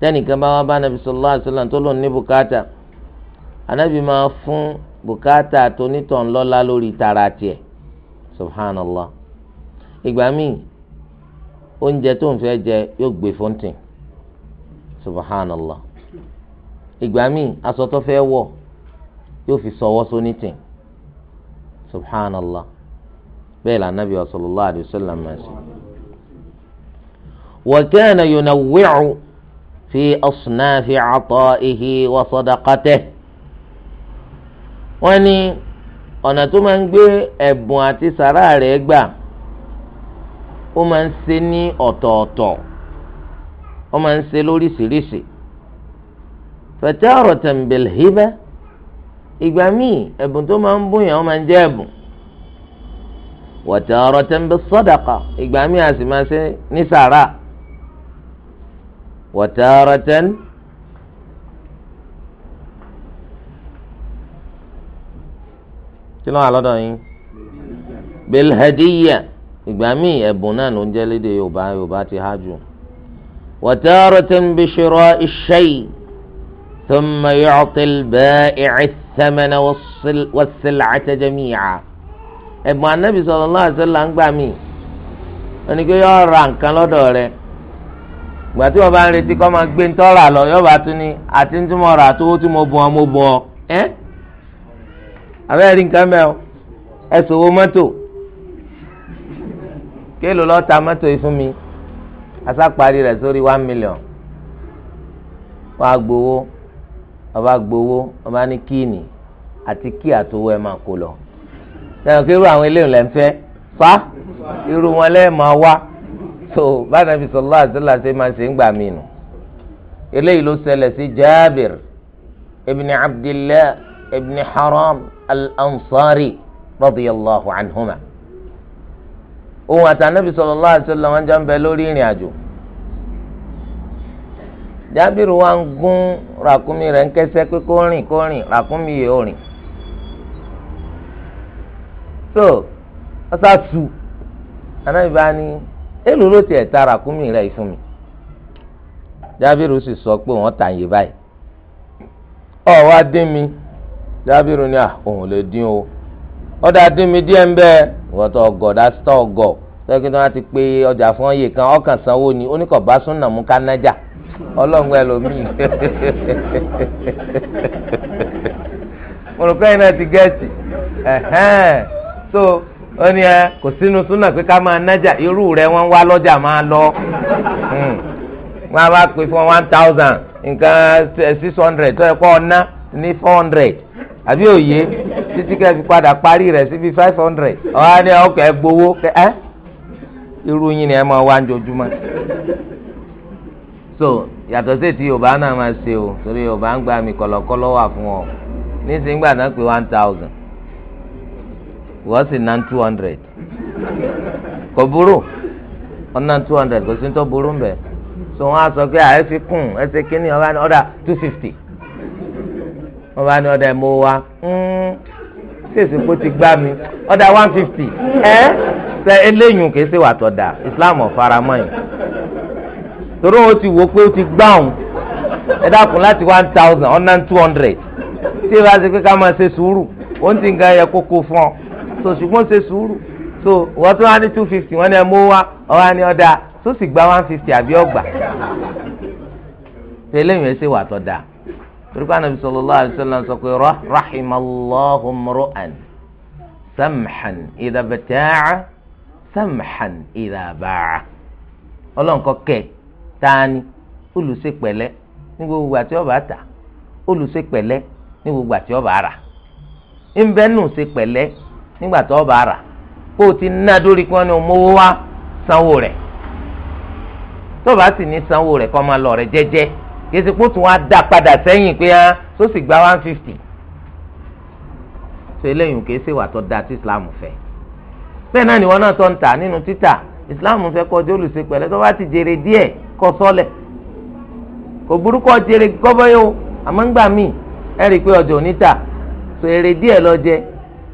tẹnìkan bá wá bá anabi sallallahu alaihi wasallam tó lòun ní bùkátà anabi máa fún bùkátà tó nítàn lórí tara tiẹ̀ subhanallah ìgbà míì oúnjẹ tó ń fẹ́ jẹ yóò gbé fóńtìn subhanallah ìgbà míì aṣọ tó fẹ́ wọ̀ yóò fi sọwọ́ sónítìn subhanallah bẹ́ẹ̀ la anabi sallallahu alaihi wasallam máa ṣe wa kana yunawwi'u. fi asnafi ata'ihi wa sadaqatihi. wọ́n ní ọ̀nà tó máa ń gbé ẹ̀bùn àti sàrà rẹ̀ gbà ó máa ń ṣe ní ọ̀tọ̀ọ̀tọ̀ ó máa ń ṣe lóríṣiríṣi. fataratan bil hiba ìgbà míì ẹ̀bùn tó máa ń bóyá ó máa ń jẹ́ ẹ̀bùn wa taratan bis sadaqa ìgbà míì a sì máa ṣe ní sàrà. وتارة kí ló wà lọ́dọ̀ yín bilhadiya ìgbà míì ẹ̀bùn náà ló ń jẹ́ léde yorùbá yorùbá ti há jù wataratan bishira'i shay thumma yu'ti al-ba'i'a ath-thamana was-sil'ata jami'a ẹ̀bùn anabi sallallahu alaihi wasallam ń gbà míì ẹni pé yọ ra nǹkan lọ́dọ̀ rẹ̀ ìgbà tí wọ́n bá ń retí kọ́ máa gbé ń tọ́ra lọ yọba tún ní àti ń túmọ̀ rà tó tí mo bọ̀ mo bọ̀ ẹ́ abẹ́rẹ́ rí nǹkan mẹ́ọ̀ ẹ sòwò mọ́tò kéèlò lọ́ọ́ ta mọ́tò yìí fún mi asáparí rẹ̀ sórí one million wọ́n á gbowó ọba gbowó ọba ní kíìnì àti kí àtowó ẹ máa kó lọ sẹ́yìn kí irú àwọn eléyìí lẹ́ fẹ́ fa irú wọn lẹ́ẹ̀ máa wá so bàtà fi sọlá àtẹlà ṣe máa ṣe ń gbà mí nù eléyìí ló ṣẹlẹ̀ sí jaabir ibn abdillah ibn haram al-ansari radiyallahu anhuma òun àti anabi sọlá àtẹlà wọn jẹ́ ń bẹ lórí ìrìn àjò jaabir wa ń gún ràkúnmí rẹ̀ ń kẹsẹ́ pé kó rìn kó rìn ràkúnmí yìí ó rìn so ọsà tù anabi bá ní. èlò ló tiẹ̀ ta ràkúnmí rẹ̀ fún mi jábìrù sì sọ pé wọ́n tà yé báyìí ọ̀ wá dín mi jábìrù ni òun lè dín o ọ̀dà dín mi díẹ̀ ń bẹ́ẹ̀ wọ́n tọ́ ọgọ̀ dásítọ̀ ọgọ̀ tí ti pé ọjà fún ọyẹ kan ọkàn sanwó ni oníkọ̀ọ́bá súnà mú kánájà ọlọ́run ẹlòmíì olùkọ́ yìí náà ti so ó ní ẹ kò sínú súnà pé ká máa nájà irú rẹ wọ́n wá lọ́jà máa lọ hmm. wọ́n bá pè fún one thousand nǹkan eh, six hundred tó yẹ kó ọ̀nà ní four hundred àbí òye títí kẹ́ fi padà parí rẹ̀ síbi five hundred ọ̀hán ni ọkọ̀ ẹ gbowó ẹ irú yín ni ẹ máa wá njojúmọ́ so yàtọ̀ sí ti yorùbá náà máa ṣe o torí yorùbá ń kọ̀lọ̀kọ̀lọ̀ wà fún ọ one thousand wọ́n sì ná two hundred kò burú wọ́n ná two hundred kò sí tó burú mbẹ́ so wọ́n á sọ pé àyè fi kùn ẹsẹ̀ kínní ọba ní ọ̀dà two fifty wọ́n ní ọ̀dà ẹ̀ wa ṣèṣì kó ti gbá mi ọ̀dà one fifty ẹ̀ ṣe eléyìn kìí ṣe wà tọ̀dà Islam ọ̀faramọ́ yìí torí wọn ti wò pé ó ti gbá òun ẹ dákun láti one thousand ọ̀nà two hundred tí ìbá ṣe pé ká máa ṣe sùúrù ó ń ti ń ga ẹ̀yẹ kókó fún ọ so ṣùgbọ́n ṣe sùúrù so wọ́n tún wá ní two fifty wọ́n ní ẹ mú wá ọ̀wá ní ọ̀dà tó sì gba one fifty àbí ọgbà tẹ́lẹ̀ yẹn ṣe wà tó dáa turkey anabi sallallahu alayhi wa sallam sọ pé rahimallahu mru'an samhan idha bata'a samhan idha ba'a ọlọ́nkọ́ kẹ tani olùṣèpẹ̀lẹ́ ní gbogbo àti ọba ta olùṣèpẹ̀lẹ́ ní gbogbo àti ọba ara ń bẹ́ẹ̀ nù ṣèpẹ̀lẹ́ nígbà tó bá rà kó o ti ná dórí pé wọ́n ní omówó wá sanwó rẹ̀ tó bá sì ní sanwó rẹ̀ kó máa lọ rẹ̀ jẹ́jẹ́ kìsì kó tún wá dá padà sẹ́yìn pé hàn ah, tó sì gba one fifty tó eléyìí kìí ṣe wà tó da tí Islam fẹ́ bẹ́ẹ̀ náà ni wọ́n náà tó ń tà nínú títà Islam fẹ́ kọjú olùsè pẹ̀lẹ́ tó bá ti jèrè díẹ̀ kó sọ́lẹ̀ kò burúkọ jèrè gọ́bọ́yò àmọ́ ń gbà míì ẹ rí i pé ọjọ́ òní tà tó èrè díẹ̀ lọ jẹ́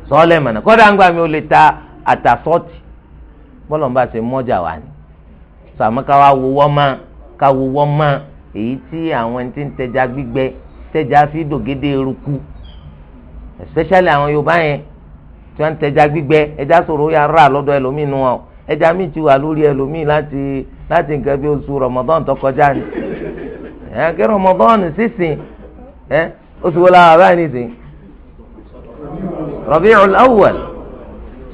sọ́ọ́lẹ̀ mọ̀nà kọ́dà ńgbà mi ò lè ta àtàsọ́ọ̀tì bọ́lọ̀ ń bá ṣe mọ́jà wà ní. sàmú ká wá wo wọ́n ká wo wọ́n èyí tí àwọn ẹni tí ń tẹja gbígbẹ tẹja fi dògédé eruku especially àwọn Yorùbá yẹn tí wọ́n ń tẹja gbígbẹ ẹja sọ̀rọ̀ ya rà lọ́dọ̀ ẹlòmíì nù wọn ẹja mi ti wà lórí ẹlòmíì láti láti nǹkan bí oṣù Ramadan tó kọjá ni ẹ kí Ramadan sísìn ẹ oṣù wo la wà báyìí nìsín ربيع الأول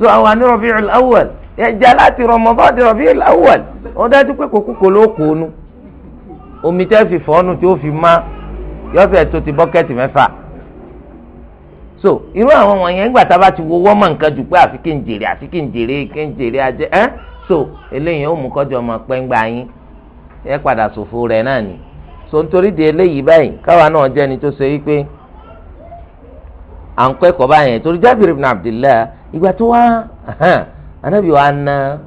so àwọn àní ربيع الأول ẹja láti Ramadan ربيع الأول wọ́n dájú pé kòkókò ló omi tẹ́ fi fọ́ọ̀nù tí ó fi ma yọ̀fẹ̀ tó ti bọ́kẹ́tì so irú àwọn wọ̀nyẹn nígbà tá a bá ti wo wọ́n mọ̀ nǹkan jù pé àfi kí n jèrè àfi kí n so eléyìí ó mú kọjọ ọmọ pẹ́ngbà yín ẹ padà so nítorí di eléyìí báyìí káwa náà tó ṣe à ń kọ́ ẹ̀kọ́ báyẹn torí Jabir ibn ìgbà tó wá anabi wa na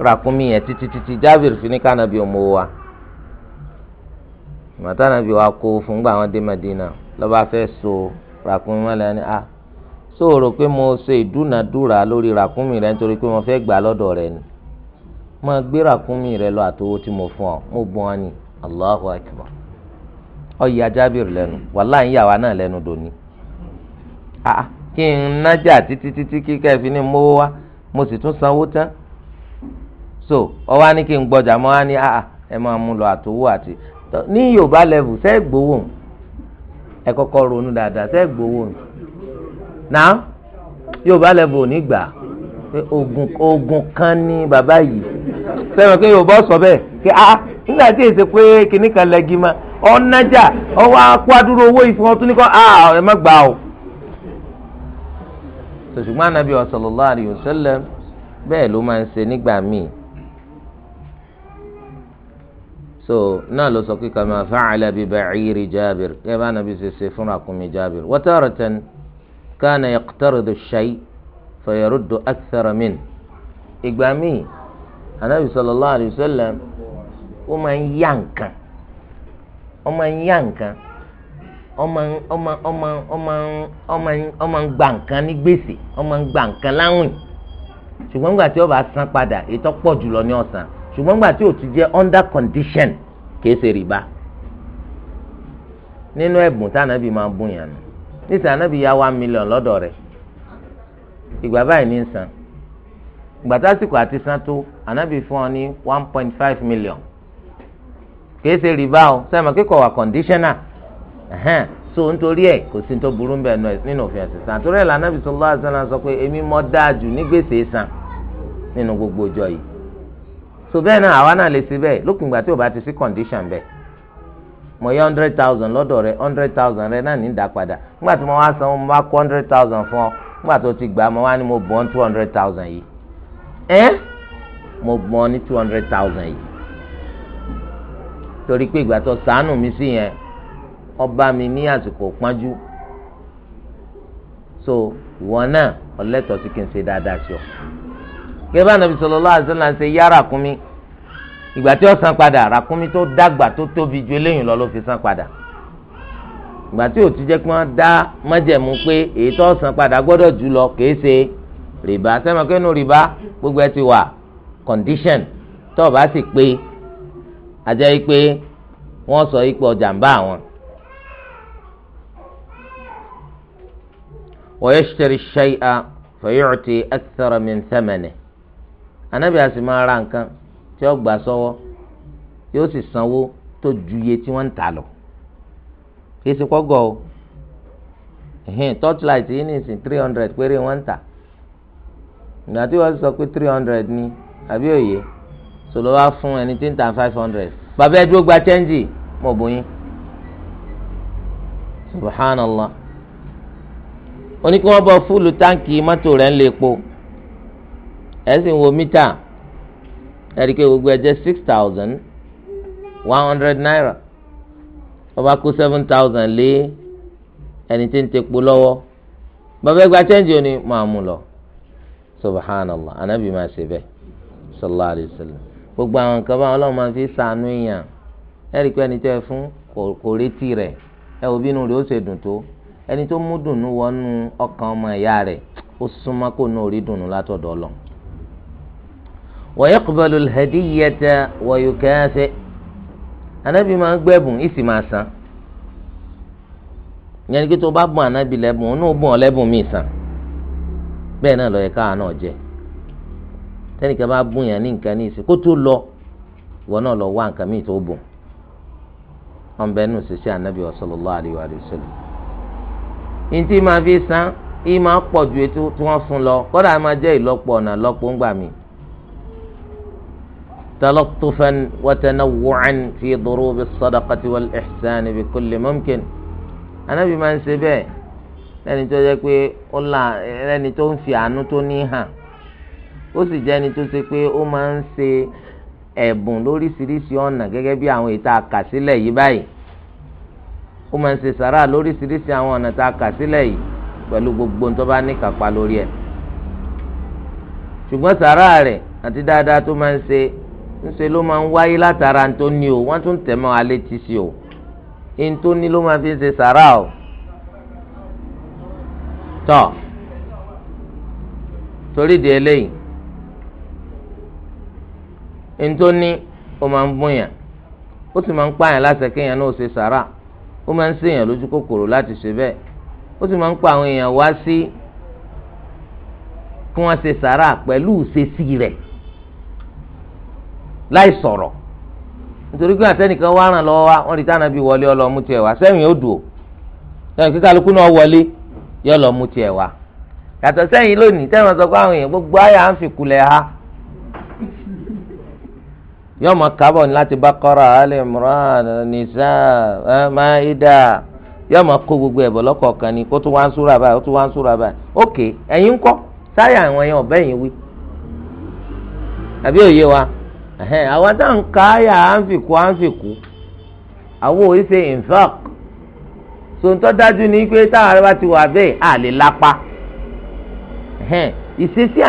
ràkúnmí yẹn títí títí Jabir fi ní kánabi ọmọ wa màtá anabi wa kó fún gbà wọn dé Madina lọ́ba fẹ́ so rakumi wọn a so rò pé mo ṣe ìdúnadúrà lórí rakumi rẹ nítorí pé mo fẹ́ gbà lọ́dọ̀ rẹ ni mo gbé rakumi rẹ lọ àtọwọ́ tí mo fún ọ mo bùn ọ ni ah kí n nájà títí títí ní mówó wá mo sì tún sanwó tán so ọwọ́ ní kí n gbọjà mọ́ ni ní ah ẹ máa mú lọ àtòwò àti ní yorùbá level ṣe é gbowó ẹ kọkọ ronú dáadáa ṣe é gbowó Na yorùbá level ò ní gbà kan ní bàbá yìí sẹ́wọ̀n yorùbá sọ bẹ́ẹ̀ kí nígbà tí èsì pé ọwọ́ owó ní kọ́ ẹ má gbà o. sòṣùgbọ́n anabi sallallahu alayhi wa sallam bẹ́ẹ̀ ló máa ń ṣe nígbà míì so náà ló sọ pé kama fa'ala bi ba'iri Jabir kẹ́ bá anabi ṣe ṣe fún ràkúnmí Jabir wa taratan kana yaqtaridu ash-shay' fa yaruddu akthara min ìgbà míì anabi sallallahu alayhi ó máa ń yá nǹkan ó máa ń yá nǹkan ọmọ ọmọ ọmọ ọmọ ọmọ ọmọ ń gba nǹkan ní gbèsè ọmọ ń gba nǹkan láwìn ṣùgbọ́n nígbà tí ó bá san padà ètò pọ̀ jùlọ ní ọ̀sán ṣùgbọ́n nígbà tí ó ti jẹ́ under condition kìí ṣe rìbá nínú ẹ̀bùn tí ànábì máa ń bùn yàn nù níta ànábì ya one million lọ́dọ̀ rẹ̀ ìgbà báyìí ní san ìgbà tásìkò àti san tó ànábì fún ọ ní one point five million kìí ṣe rìbá o sẹ́mi kíkọ̀ wà conditioner. ẹ̀hẹ́n so nítorí ẹ̀ kò sí tó burú bẹ́ẹ̀ nínú òfin ẹ̀sìn sàn torí ẹ̀ lànà bisọ lọ́wọ́ sọ pé èmi mọ́ dáa jù gbogbo ọjọ́ yìí so bẹ́ẹ̀ náà àwa náà lè ṣe bẹ́ẹ̀ lókùn ìgbà tí o bá ti sí condition bẹ́ẹ̀ mo yá hundred thousand lọ́dọ̀ rẹ hundred thousand rẹ náà ní ìdá padà tí mo wá san mo bá kó hundred fún ọ nígbà tó ti gbà mo wá ní mo two hundred thousand ọba mi ní àsìkò pọ́njú so ìwọ náà ọlẹ́tọ̀ọ́ sí kí n ṣe dáadáa sí ọ. gẹ́gẹ́ bá nàbí sallallahu alaihi wasallam ṣe yá ràkúnmí ìgbà tí ó san padà ràkúnmí tó dàgbà tó tóbi ju eléyìí lọ ló fi san padà ìgbà tí òtún jẹ́ pé wọ́n dá májẹ̀mú pé èyí tó san padà gbọ́dọ̀ jù lọ kìí ṣe rìbá sẹ́mi rìbá gbogbo ẹ ti wà condition tó o bá sì pé ajẹ́ pé wọ́n sọ ipò ọjà ń bá àwọn. ويشتري الشيء فيعطي أكثر من ثمنه for á sì máa ra nǹkan tí ó gbà sọ́wọ́ yóò sì sanwó ju iye tí o torchlight yìí ní ìsìn three hundred ìgbà tí wọ́n sọ pé three hundred ni àbí five hundred bàbá ẹ dúró gba chẹ́ńjì mọ̀ bóyin subhanallah. ó ní kí wọ́n bọ fúlù táǹkì mọ́tò rẹ̀ ń lè po ẹ̀ six thousand one hundred naira ọba kó seven thousand lé ẹni tí ń tepo lọ́wọ́ bàbá ẹgbàá chẹ́ǹjì ó ní máa mú lọ subhanallah anabi máa ṣe sallallahu alayhi wa sallam gbogbo àwọn nǹkan báwọn ọlọ́run máa fi sànú èèyàn ẹ̀rí ẹni tẹ́ fún kò retí rẹ̀ wo rẹ̀ ó ṣe dùn tó ẹni tó mú dùnú wọnú ọkàn ọmọ ìyá rẹ̀ ó súnmọ́ kó náà rí dùnú látọ̀dọ̀ Ọlọ́run. wa yaqbalu al-hadiyyata wa yukasi anábì máa ń ìsì máa san yẹn kí tó bá bùn Anabi lẹ́bùn ó náà bùn ọ lẹ́bùn míì san bẹ́ẹ̀ náà náà jẹ́ tẹ́nìkan bá bùn yẹn ní nǹkan ní ìsìn kó tó lọ náà lọ wá nǹkan míì tó bùn sallallahu ntí máa fi san yìí máa pọ̀ ju ètò tí wọ́n sun lọ kódà máa jẹ́ ìlọ́pọ̀ ọ̀nà lọ́pọ̀ ńgbà mi. تلطفا وتنوعا في ضروب الصدقة والإحسان بكل ممكن Ànábì máa ń ṣe bẹ́ẹ̀ lẹ́ni tó jẹ́ pé ó là lẹ́ni tó ń fi àánú tó ní hàn ó sì jẹ́ ẹni tó ṣe pé ó máa ń ṣe ẹ̀bùn lóríṣiríṣi ọ̀nà gẹ́gẹ́ bí àwọn ètò àkàsílẹ̀ yìí báyìí ó máa ń ṣe sàrà lóríṣiríṣi àwọn ọ̀nà tá a kà sílẹ̀ yìí pẹ̀lú gbogbo tó bá ní kápá lórí ẹ̀ ṣùgbọ́n sàrà rẹ̀ àti dáadáa tó máa ń ṣe ń ṣe ló máa ń wáyé látara tó ní o wọ́n tún tẹ̀ alẹ́ tí sí o ẹni tó ní ló máa fi ń ṣe sàrà o tọ́ torí di eléyìí ẹni tó ní o máa ń bùn ó sì máa ń pààyàn láti kéèyàn náà ṣe sàrà. ó máa ń ṣèyàn lójú kòkòrò láti ṣe bẹ́ẹ̀ ó sì máa ń pa àwọn èèyàn wá sí kí wọ́n ṣe sàrà pẹ̀lú ìṣesí rẹ̀ láì sọ̀rọ̀ nítorí pé àtẹnìkan wá ràn lọ́wọ́ wa wọ́n rí táwọn àbí wọlé ọlọ́mú tiẹ̀ wá sẹ́yìn ó dùn sẹ́yìn kíkálukú náà wọlé yọ lọ́mú tiẹ̀ wá yàtọ̀ sẹ́yìn lónìí tẹ́wọ̀n sọ àwọn èèyàn gbogbo àyà ń ha yóò máa kábọ̀ ní láti Imran Nisa Maida yóò máa kó gbogbo ẹ̀bọ̀ lọ́kọ̀ọ̀kan ni kó tó wá ń súra báyìí kó tó wá ń súra báyìí ok ẹ̀yin ń kọ́ sáyà àwọn yẹn ọ̀bẹ yẹn wí àbí òye wa àwọn tá à ń ka àyà à ń fìkú à ń fìkú àwọn òye ni ti wà bẹ́ẹ̀ à lè ìṣesí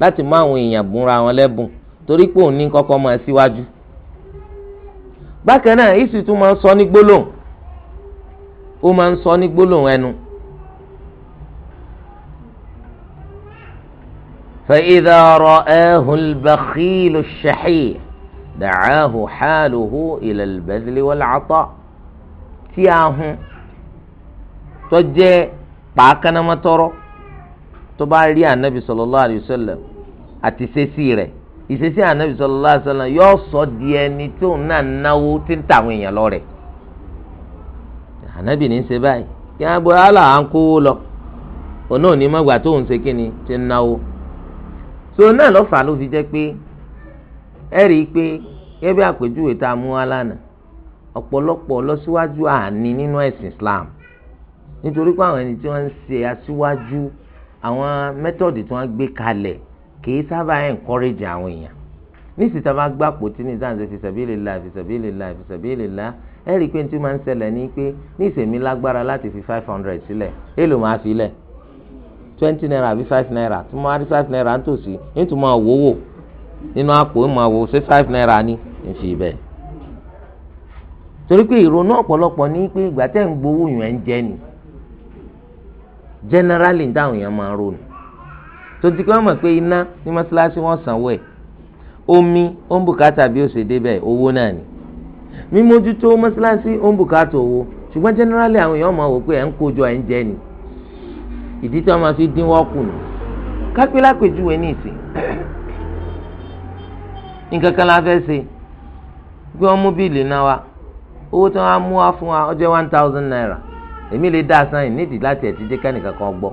láti mú àwọn èèyàn búra wọn lẹ́bùn torí pé òun ní kọ́kọ́ máa síwájú. bákan náà ìsì tún máa ń sọ ní gbólóhùn ó máa ń sọ ní gbólóhùn ẹnu. فإذا رآه البخيل الشحيح دعاه حاله إلى البذل والعطاء tí ahun tó jẹ́ pàákànnàmọ́tọ́rọ́ tó bá rí anabi sallallahu alayhi wa sallam àti ìṣesí rẹ̀ ìṣesí anabi sallallahu alayhi wa sallam yóò sọ di ẹni tó náà náwó tí ń tàwọn èèyàn lọ rẹ̀ anabi ní í ṣe báyìí kí wọn bọ hálà à ń kówó lọ òun ò ní mọ̀gbà tó ń ṣe kí ni ti ń náwó so náà lọ fà ló fi jẹ́ pé ẹ rí pé gẹ́gẹ́ àpèjúwe tá a mú wá lánàá ọ̀pọ̀lọpọ̀ lọ́síwájú àní nínú ẹ̀sìn Islam nítorí pé àwọn ẹni tí wọ́n ń ṣe aṣíwájú àwọn mẹ́tọ̀dì tí wọ́n gbé kalẹ̀ kìí sábà encourage àwọn èèyàn nísì tá a bá gbà pò tí ní sáǹsì fi sabilillah fi sabilillah fi sabilillah ẹ rí i pé tí ó máa ń ṣẹlẹ̀ ní pé ní ìsèmí lágbára láti fi five hundred sílẹ̀ èèlò máa fi lẹ̀ twenty naira àbí five naira tí mo rí five naira nítòsí nítorí máa wò wò nínú àpò máa wò ṣé five naira ni nfi bẹ́ẹ̀ torí pé ìrònú ọ̀pọ̀lọpọ̀ ní pé ìgbà tẹ́ ń gbowó yẹn ń jẹ́ ni. generally dáhùn yẹn máa ronú tonti kí wọ́n mọ̀ pé iná ní mọ́ṣáláṣí wọ́n sanwó ẹ̀ omi ó ń bùkátà bí owó náà ni mímójútó mọ́ṣáláṣí ó ń bùkátà owó ṣùgbọ́n generally àwọn èèyàn máa wò pé ẹ̀ ń ń jẹ ni ìdí tí máa fi kù nù one thousand naira èmi lè dá san ìnídìí láti ẹ̀tí jẹ́ kẹ́nìkan kan gbọ́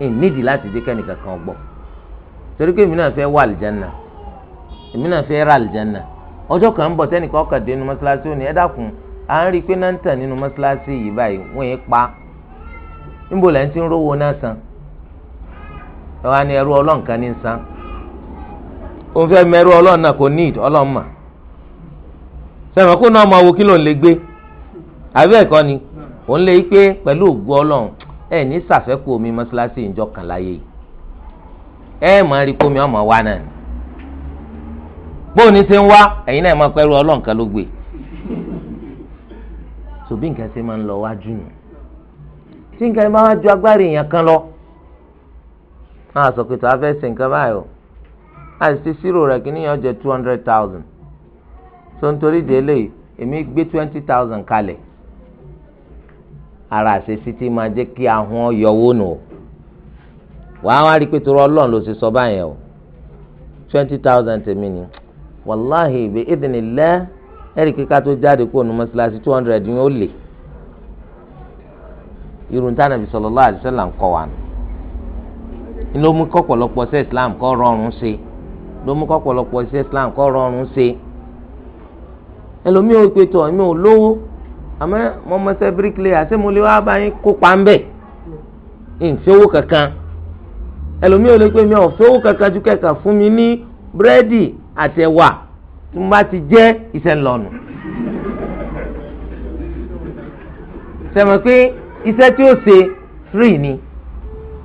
ìnídìí láti jẹ́ kẹ́nìkan kan gbọ́ torí pé èmi náà fẹ́ wà àlìjánà èmi náà fẹ́ ra àlìjánà ọjọ́ kan ń bọ̀ tẹ́nìkan ọkàn dé inú mọ́ṣáláṣí òní ẹ dákun à ń rí i pé náà ń tàn nínú mọ́ṣáláṣí yìí báyìí wọ́n yẹn pa níbo lẹ́ ń ń rówó náà san ẹ wá ní ẹrú ọlọ́nkan ní san òun fẹ́ mẹ́rú ọlọ́run náà kò ní ni le lè pé pẹ̀lú ògùn ọlọ́run ẹ ní sàfẹ́kù omi mọ́ṣáláṣí ìjọ kan láyé ẹ mọ̀ rí kómi ọmọ wa náà bóun ní ṣe ń wá ẹ̀yin náà máa pẹ́rù ọlọ́run kan ló gbé tòbí nǹkan ṣe máa ń lọ wájú nù tí nǹkan máa wá ju agbára èèyàn kan lọ máa sọ pé tó a fẹ́ ṣe nǹkan báyìí o sírò rẹ̀ kí níyàn jẹ́ two hundred thousand ara ase tí máa jẹ́ kí ahọ́n yọwó nù o wàá wá rí i pé torí ọlọ́run ló ṣe sọ báyẹn o twenty thousand tèmi ni wàláhì ìbí ìdìní lẹ́ ẹ̀rí kíkà tó jáde kó nu mọ́ṣáláṣí two hundred irun tí Ànábì sallallahu alaihi ń kọ́ wa nù ló mú kọ́pọ̀lọpọ̀ sí Islam kó rọrùn ṣe ló mú kọ́pọ̀lọpọ̀ sí Islam àmọ́ mo mọṣẹ́ bíríkìlẹ́yà ṣé mo lè wá bá yín kópa ń bẹ̀ ǹfẹ́ owó kankan ẹlòmíì ò lè pè mí ọ̀fẹ́ owó kankan ju kẹ̀kà fún mi ní búrẹ́dì àtẹ̀wà tí mo bá ti jẹ́ ìṣẹ̀lọ̀nù. sẹ̀mọ̀ pé iṣẹ́ tí ó ṣe free ni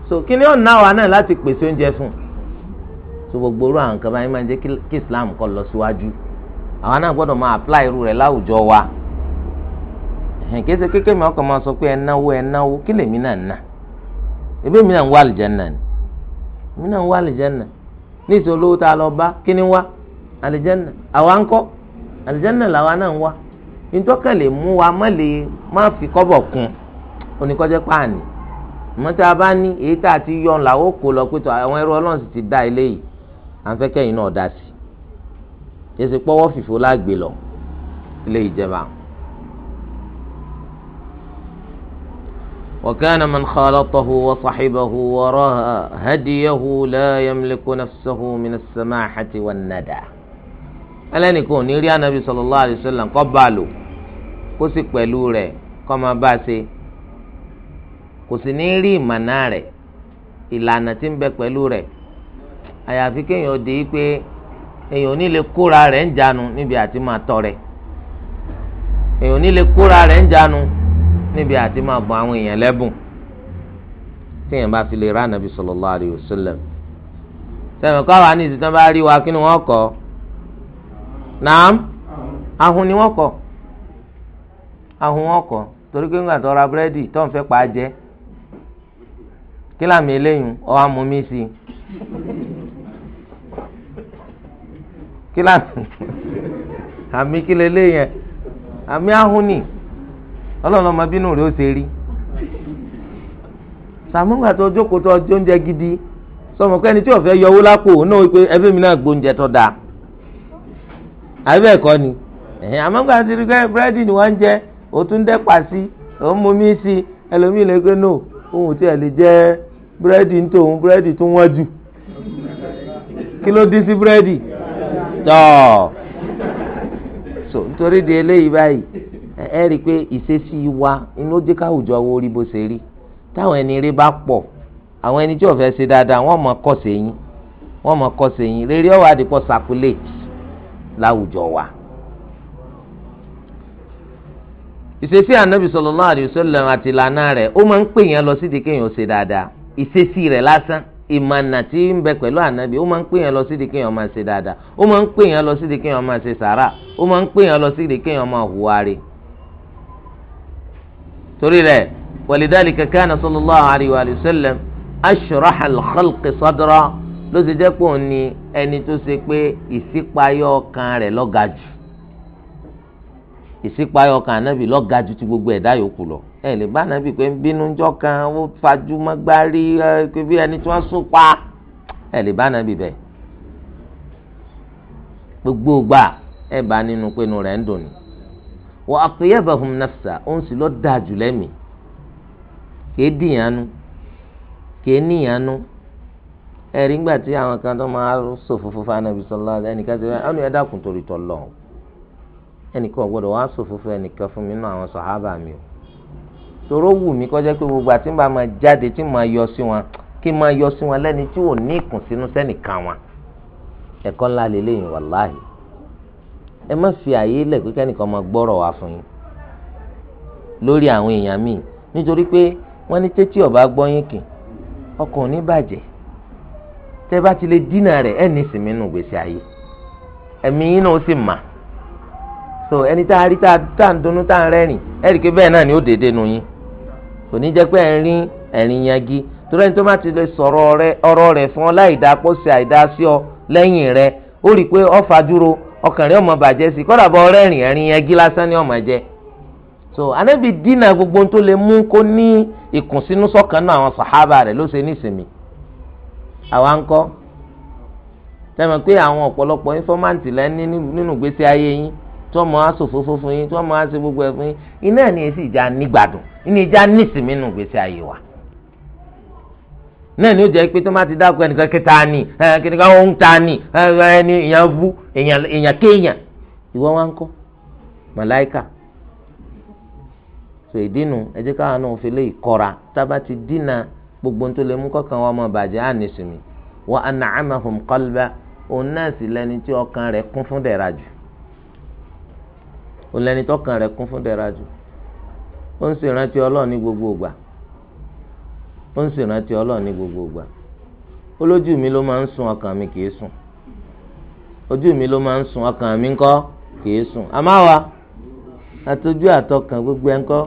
so kí ni ọ̀nà àwa náà láti pèsè oúnjẹ fún so gbogbo irú àwọn kan báyìí máa ń jẹ́ kí Islam kó lọ síwájú àwa náà gbọ́dọ̀ máa apply irú rẹ̀ láwùjọ wa ẹ̀hìn kí ẹsẹ̀ kékeré mi ọkọ̀ máa sọ pé ẹ náwó ẹ náwó kí lèmi náà nà ebi mi náà ń wá àlìjánnà ni mi náà ń wá àlìjánnà níṣẹ́ olówó tá a lọ bá kí ni wá àlìjánnà àwa ń kọ́ àlìjánnà làwa náà ń wá ntọ́kàn lè mú wa má lè má fi kọ́bọ̀ kún oníkọ́jẹ́ páàní mọ́tà bá ní èyí tá a ti yọ ọ́n làwọn kò lọ pé àwọn ẹrú ọlọ́run sì ti dá ilé yìí à ń fẹ́ kẹ́yìn náà dá sí i pọ́wọ́ fìfò lágbè lọ ilé ìjẹba وكان من خالطه وصحبه وراء هديه لا يملك نفسه من السماحة والندى ẹlẹ́ni kò ní rí anabi sallallahu alayhi wa sallam kó bá a lò kó sì pẹ̀lú rẹ̀ kó máa bá a ṣe kò sì ní rí ìmọ̀nà rẹ̀ ìlànà tí ń bẹ pẹ̀lú rẹ̀ àyàfi kéèyàn dé pé èèyàn ò ní lè kóra rẹ̀ ń jánu níbi àti máa tọrẹ èèyàn ò ní lè kóra rẹ̀ ń jánu níbi àti máa bọ àwọn èèyàn lẹ́bùn téèyàn bá fi lè rá nàbí sallallahu alayhi wa sallam sẹ́mi káwa ní ìsìtàn bá rí wa kí ni wọ́n kọ́ naam ahun ni wọ́n kọ́ ahun wọ́n kọ́ torí pé ńgbà tó ra búrẹ́dì tó ń fẹ́ pa á kí làmì ọ á ọlọ́run ọmọ bínú rẹ̀ ó ṣe rí sàmúgbà tó jókòó gidi sọmọ kẹ́ni tí ọ̀fẹ́ yọ owó lápò náà pé ẹbí mi náà gbóúnjẹ tó dáa àbẹ́ẹ̀kọ́ ni àmọ́gbà ti rí pé búrẹ́dì ni wọ́n ń jẹ ó tún dẹ́pà sí ó ń mumi sí ẹlòmíì lè gbé nò ohun tí lè jẹ ẹ rí i pé ìṣesí wa inú jẹ́ káwùjọ owó rí bó ṣe rí táwọn ẹni rí bá pọ̀ àwọn ẹni tí ò fẹ́ ṣe dáadáa wọn mọ̀ kọ́ sẹ́yìn rere mọ̀ kọ́ sẹ́yìn rere ọ̀wá wa. ìṣesí ànábì sallallahu alaihi wasallam àti ìlànà rẹ̀ ó máa ń pè yẹn lọ sídìí kéèyàn ṣe dáadáa ìṣesí rẹ lásán ìmànà tí ń bẹ pẹ̀lú ànábì ó máa ń pè yẹn lọ sídìí kéèyàn máa ṣe dáadáa ó máa ń pè yẹn lọ sídìí kéèyàn máa ṣe ó máa ń pè yẹn lọ sídìí kéèyàn máa torí rẹ̀ walidhalika kana sallallahu alayhi wa sallam ashrahal khalqi sadra ló ti jẹ́ pé òun ni ẹni tó ṣe pé ìṣípayọ̀ ọkàn rẹ̀ lọ́ga jù ìṣípayọ̀ ọkàn ànábì lọ́ga jù ti gbogbo ẹ̀dá yòókù lọ ẹ lè bá ànábì pé ń bínú jọ kan ó fajú mọ́gbárí pé bí ẹni tí wọ́n sún pa ẹ lè bá ànábì bẹ́ẹ̀ gbogbo gbà ẹ bá nínú pé inú rẹ̀ ń dùn ni. wa atyabahum nafsa òun sì lọ dáa jù lẹ́mìí kìí dìyànnu kìí níyànnu ẹ̀rí ńgbà tí àwọn kan tó máa sọ fúnfún sọlá ẹnìkan ti rẹ ẹnu ẹ̀dá kùn torí tọ̀lọ̀ ẹnìkan ọ̀gbọ́dọ̀ wá sọ fúnfún ẹnìkan fún mi nínú àwọn sọ̀hábà mi o sọ̀rọ̀ wù mí kọjá pé gbogbo àti bá máa jáde tí máa yọ sí wọn kí máa yọ sí wọn lẹ́ni tí ò ní ìkùnsínú sẹ́nìkan wọn ẹ̀kọ́ ńlá lélẹ́yìn wàláhìí ẹ má fi àyè lẹ̀ pé kẹ́nìkan máa gbọ́rọ̀ wá fún yín lórí àwọn èèyàn míì nítorí pé wọ́n ní tétí ọ̀bá gbọ́yìn kì ọkàn ò ní bàjẹ́ tẹ́ bá ti lè dínà rẹ̀ ẹ̀ ní ìsinmi nù gbèsè ayé ẹ̀mí yín náà ó sì mà so ẹni tá a rí tá a ń dunnú tá a ń rẹ́rìn ẹ̀ rí i pé bẹ́ẹ̀ náà ni ó dédé nu yín kò ní jẹ́ pé ẹ̀ ń rí ẹ̀rín yangi torí ẹni tó má ti lè sọ̀rọ̀ ọ̀rọ̀ rẹ̀ fún ọ láì dá pọ̀ sí àìdá sí ọ lẹ́yìn rẹ̀ ó rí i pé ọ fàdúró ọkàn rẹ ọmọ bàjẹ́ sí kọ́dà bọ́ rẹ́rìn ẹ̀rín ẹgí lásán ni ọmọ jẹ so anabi dínà gbogbo tó lè mú kó ní ìkùnsínú sọ́kàn náà àwọn sàhábà rẹ̀ ló ṣe nísìmí àwa ń kọ́ tẹ́mọ̀ pé àwọn ọ̀pọ̀lọpọ̀ ínfọ́mántì lẹ́ni nínú ìgbésí ayé yín tí wọ́n mọ asòfófó fún yín tí wọ́n mọ asè gbogbo ẹ̀ fún yín iná ẹ̀ ní èsì ìjà nígbàdùn iná ìjà nísìmí nínú ìgbésí ayé wa náà ni ó jẹ́ pé tó má ti dákun ẹnìkan kí ta ni ẹnìkan ó ń ta ni ẹni èèyàn bú èèyàn kéèyàn ìwọ wa ń kọ́ màláìkà tó ìdínú ẹ jẹ́ káwọn náà fi lè kọ́ra tába ti dínà gbogbo tó lè mú kọ́kàn wọn ọmọ bàjẹ́ ànísìmí wa an'amahum qalba òun náà sì lẹni tí ọkàn rẹ̀ kún fún dẹ̀ra jù òun lẹni tọkàn rẹ̀ kún fún dẹ̀ra jù ó ń ṣèrántí Ọlọ́run ní gbogbo ìgbà ó ń ṣèrántí ọlọ́run ní gbogbo ìgbà olójú mi ló máa ń sun ọkàn mi kì í sùn ojú mi ló máa ń sun ọkàn mi ńkọ́ kì í sùn àmáwa àtọjú àtọkàn gbogbo ẹ̀ ńkọ́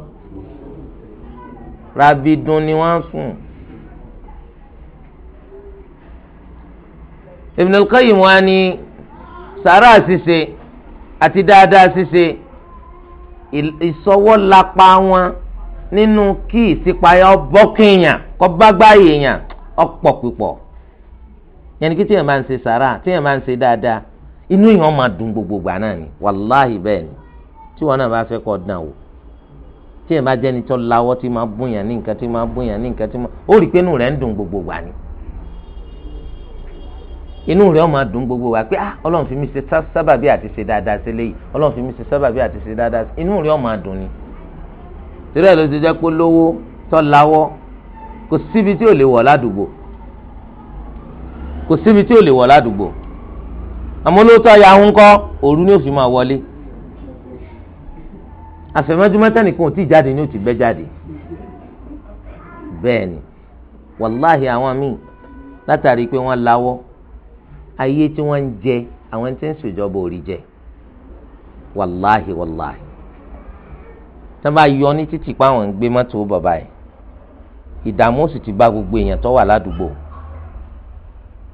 rabidun ni wọ́n sùn. Ibn al wa ni sàrà ṣíṣe àti dáadáa ṣíṣe ìsọwọ́ lápá wọn nínú kí ìsípayá bọ́kìnyàn. kọba gbaa gbá èèyàn ọ̀pọ̀ kí tíyẹn máa ń sàrà tíyẹn máa ń dáadáa inú ìhàn máa dùn gbogbo gbà náà ni wàláhì bẹ́ẹ̀ ni tí wọn náà bá fẹ́ kọ́ dàn wò tíyẹn bá jẹ́ni tó lawọ́ tí máa búyàn ní nǹkan tí máa ní nǹkan tí máa ó rí i pé inú rẹ̀ ń dùn gbogbo gbà ni inú rẹ̀ ó máa dùn gbogbo pé ah ọlọ́run fi se àti se dáadáa sí léyìí ọlọ́run fi àti dáadáa kò síbi tí ò lè wọ̀ ládùúgbò kò síbi tí ò lè wọ̀ ládùúgbò àmọ́ lóòótọ́ kọ́ òru ni ó máa wọlé àfẹ̀mọ́júmọ́ tẹ́nìkan ò tí jáde ni ó ti bẹ́ jáde bẹ́ẹ̀ ni wàláhì àwọn míì látàrí pé wọ́n lawọ́ ayé tí wọ́n ń jẹ àwọn tí ń ṣèjọba ò rí jẹ wàláhì wàláhì tí wọ́n bá yọ ní títì pa àwọn ń gbé mọ́tò bàbá yìí ìdààmú sì ti bá gbogbo èèyàn tó wà ládùúgbò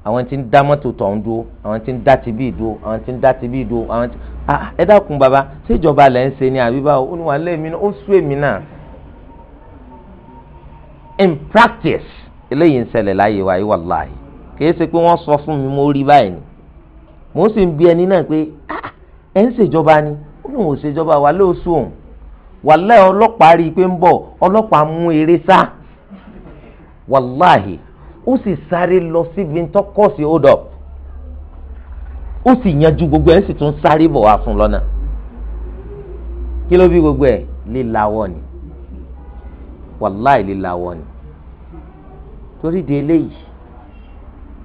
àwọn tí ń dá mọ́tò tó ń dúró àwọn tí ń dá tibí dúró àwọn tí ń dá tibí dúró àwọn tí ah, ẹ dákun bàbá ṣèjọba lẹ̀ ń ṣe ni àbí báwo olùwà lẹ́ẹ̀mí náà ó sú èmi náà in practice eléyìí ń ṣẹlẹ̀ láyé wa yìí wàláhì kìí ṣe pé wọ́n sọ fún mi mo rí báyìí ni mo sì ń bi ẹni náà pé ah, ẹ ń ṣèjọba ni olùwà ò ṣèjọba wa lóòsù òun wàlẹ́ ọlọ́pàá rí i pé ń bọ̀ ọlọ́pàá mú eré sáà wàláhì ó sì sáré lọ síbi tó kọ́ sí hold up ó sì yanjú gbogbo ẹ̀ ń sì tún sáré bọ̀ wá fún lọ́nà kí ló bí gbogbo ẹ̀ líláwọ́ ni wàláhì líláwọ́ ni torí di eléyìí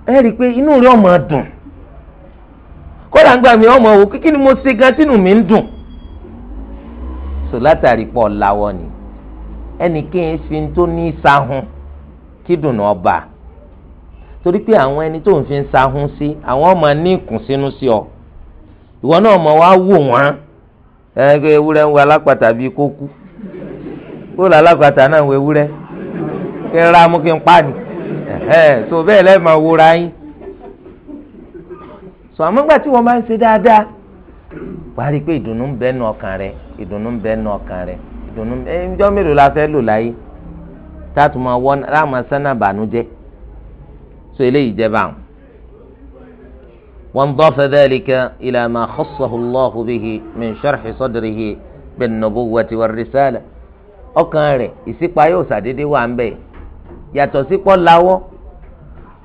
ẹ rí i pé inú rẹ ọmọ dùn kódà ń gbà mí ọmọ wò kíkí ni mo ṣe gan tínú mi ń dùn so látàrí pọ̀ láwọ́ ni ẹnì kí n fi tó ní sáhùn kí dùnú ọba torí pé àwọn ẹni tó ń fi sahun sí àwọn ọmọ ní ìkùnsínú sí ọ ìwọ náà mọ wá wò wọn ẹ pé ń wo alápàtà bíi kó bóòlù alápàtà náà wo ewúrẹ́ kí n ra mú kí n pa ni tó bẹ́ẹ̀ wúra yín sọ àmọ́ gbà tí wọ́n ń ṣe dáadáa pé ìdùnnú ń bẹ́ẹ̀ ọkàn rẹ ìdùnnú ń táàtù máa wọ́n ráàmà sánà bànújẹ́ so eléyìí jẹ́ báwọn. وانضاف ذلك إلى ما خصه الله به من شرح صدره بالنبوة والرسالة ọkàn rẹ̀ ìsípa yóò ṣàdédé wà ń bẹ̀ yàtọ̀ sípọ̀ lawọ́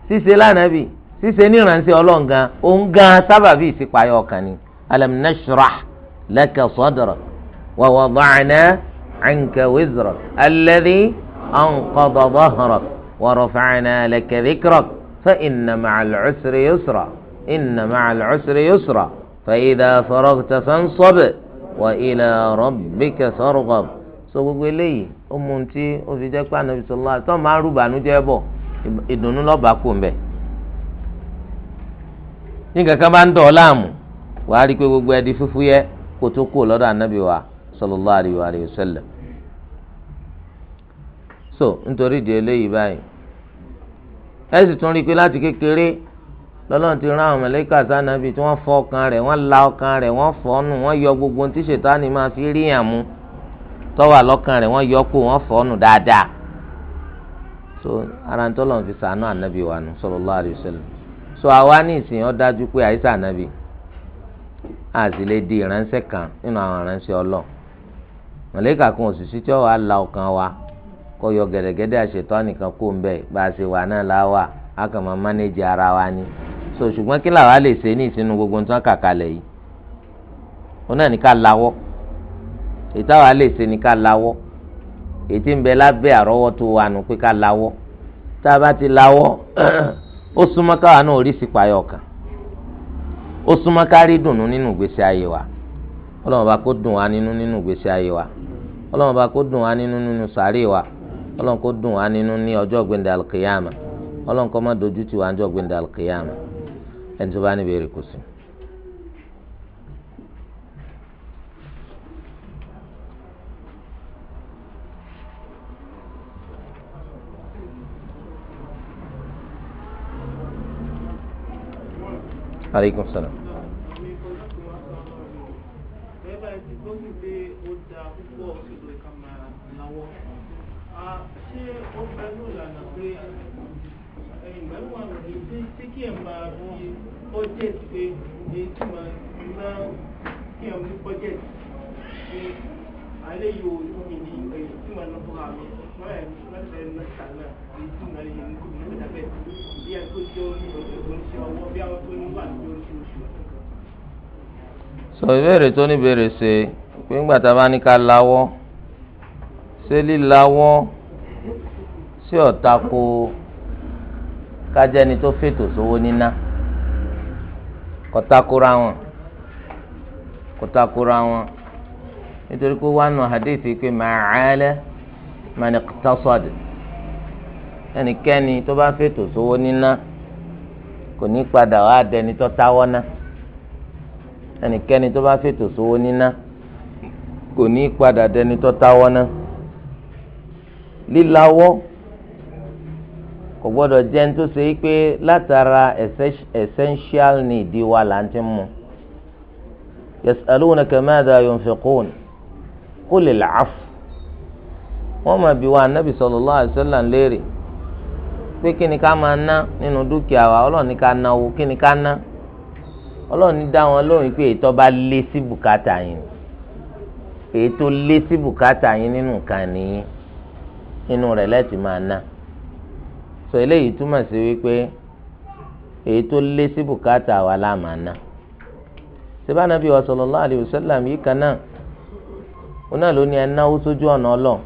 ṣíṣe lánàbì ṣíṣe níránṣẹ́ ọlọ́ǹgan òun gan sábàbí ìsípa yóò kàn ní. alam nashrah أنقض ظهرك ورفعنا لك ذكرك فإن مع العسر يسرا إن مع العسر يسرا فإذا فرغت فانصب وإلى ربك فارغب so gbogbo eléyìí ó mú un tí ó fi jẹ́ pé ànábi sọlá tó máa ń rúbànú jẹ́ bọ̀ ìdùnnú lọ́ba kò ń bẹ̀. ní kankan wàá rí gbogbo ẹ di fúfú yẹ kó tó kó lọ́dọ̀ ànábi wa sọlọ́lá àríwá so nítorí di eléyìí báyìí ẹ sì tún rí i pé láti kékeré lọ́lọ́run ti rán àwọn mẹ̀lẹ́kà sànàbì tí wọ́n ọkàn rẹ̀ la ọkàn rẹ̀ wọ́n fọ nù wọ́n yọ gbogbo ohun tí ṣètánì máa fi rí yàn mú tọ́wà lọ́kàn rẹ̀ wọ́n yọ kó wọ́n fọ́ nù so ara ń tọ́lọ̀ fi sànú ànábì wa nù so àwa ní ìsìn ó dájú pé àyíṣà ànábì a sì lè nínú àwọn ìránṣẹ́ ọlọ́ kan wà la ọkàn kó yọ gẹ̀dẹ̀gẹ̀dẹ̀ àṣetọ́ nìkan kó ń bẹ̀ bá a ṣe wà náà láwà á kàn máa mánéjì ara wa ni so ṣùgbọ́n kí làwa lè ṣe ní ìsinú gbogbo nǹkan kàkàlẹ̀ yìí ó náà ní ká lawọ́ ìtawà lè ṣe ní ká lawọ́ ètí ń bẹ lábẹ́ àrọ́wọ́tó wa nù pé ká lawọ́ tá a bá ti lawọ́ ó súnmọ́ káwa náà orí sí payọ̀ kan ó súnmọ́ ká rí dùnú nínú ìgbésí ayé wa ọlọ́run kó dùn wá nínú nínú ìgbésí ayé wa ọlọ́run kó dùn wá nínú nínú sàárè wa. ọlọ́run kó dùn wá nínú ní ọjọ́ gbẹ̀ndẹ̀ alùkìyàmà ọlọ́run kó má dojú tì wá ní ọjọ́ gbẹ̀ndẹ̀ alùkìyàmà ṣé ó gbẹ́nu ìlànà pé ìgbẹ́nu wà lórí tí kí ẹ̀ máa fi budget pé èyí tí máa ná kí ẹ̀ ní budget pé alẹ́ yóò ní ní èyí tí máa ná fún àmì sọ ìbéèrè tó ní béèrè ṣe pé ńgbà tá a bá ní ká láwọ́ ṣé líláwọ́ sí ọ̀tá kó kájẹ́ni tó fètò sówó níná kọ́takóra wọn kọ́takóra wọn nítorí pé wọn nù hadithi pé màálẹ́ maniqtasad ẹnikẹ́ni tó bá fètò sówó níná kò ní padà wá dẹni tó táwọ́ ná ẹnikẹ́ni tó bá fètò sówó níná kò ní padà dẹni tó táwọ́ ná líláwọ́. kò gbọ́dọ̀ jẹ́ ní tó ṣe é pé látara essential need wa là ń ti mú yasalunaka madha yunfiqun qulil afu wọ́n máa bi wa anabi sallallahu alaihi wasallam léèrè pé kí ni ká máa ná nínú dúkìá wa ọlọ́ọ̀ni ká náwó kí ni ká ná ọlọ́ọ̀ni dá wọn lóhùn pé ètò bá lé sí bùkátà yín ètò lé sí bùkátà yín nínú nǹkan nìyí nínú rẹ̀ lẹ́tì máa ná sọ eléyìí túmọ̀ sí wípé èyí tó lé sí bùkátà wa láàmà ná wa sallallahu alayhi wa sallam yìí kan náà wọn náà ló ní ẹnáwó sójú ọ̀nà ọlọ́ọ̀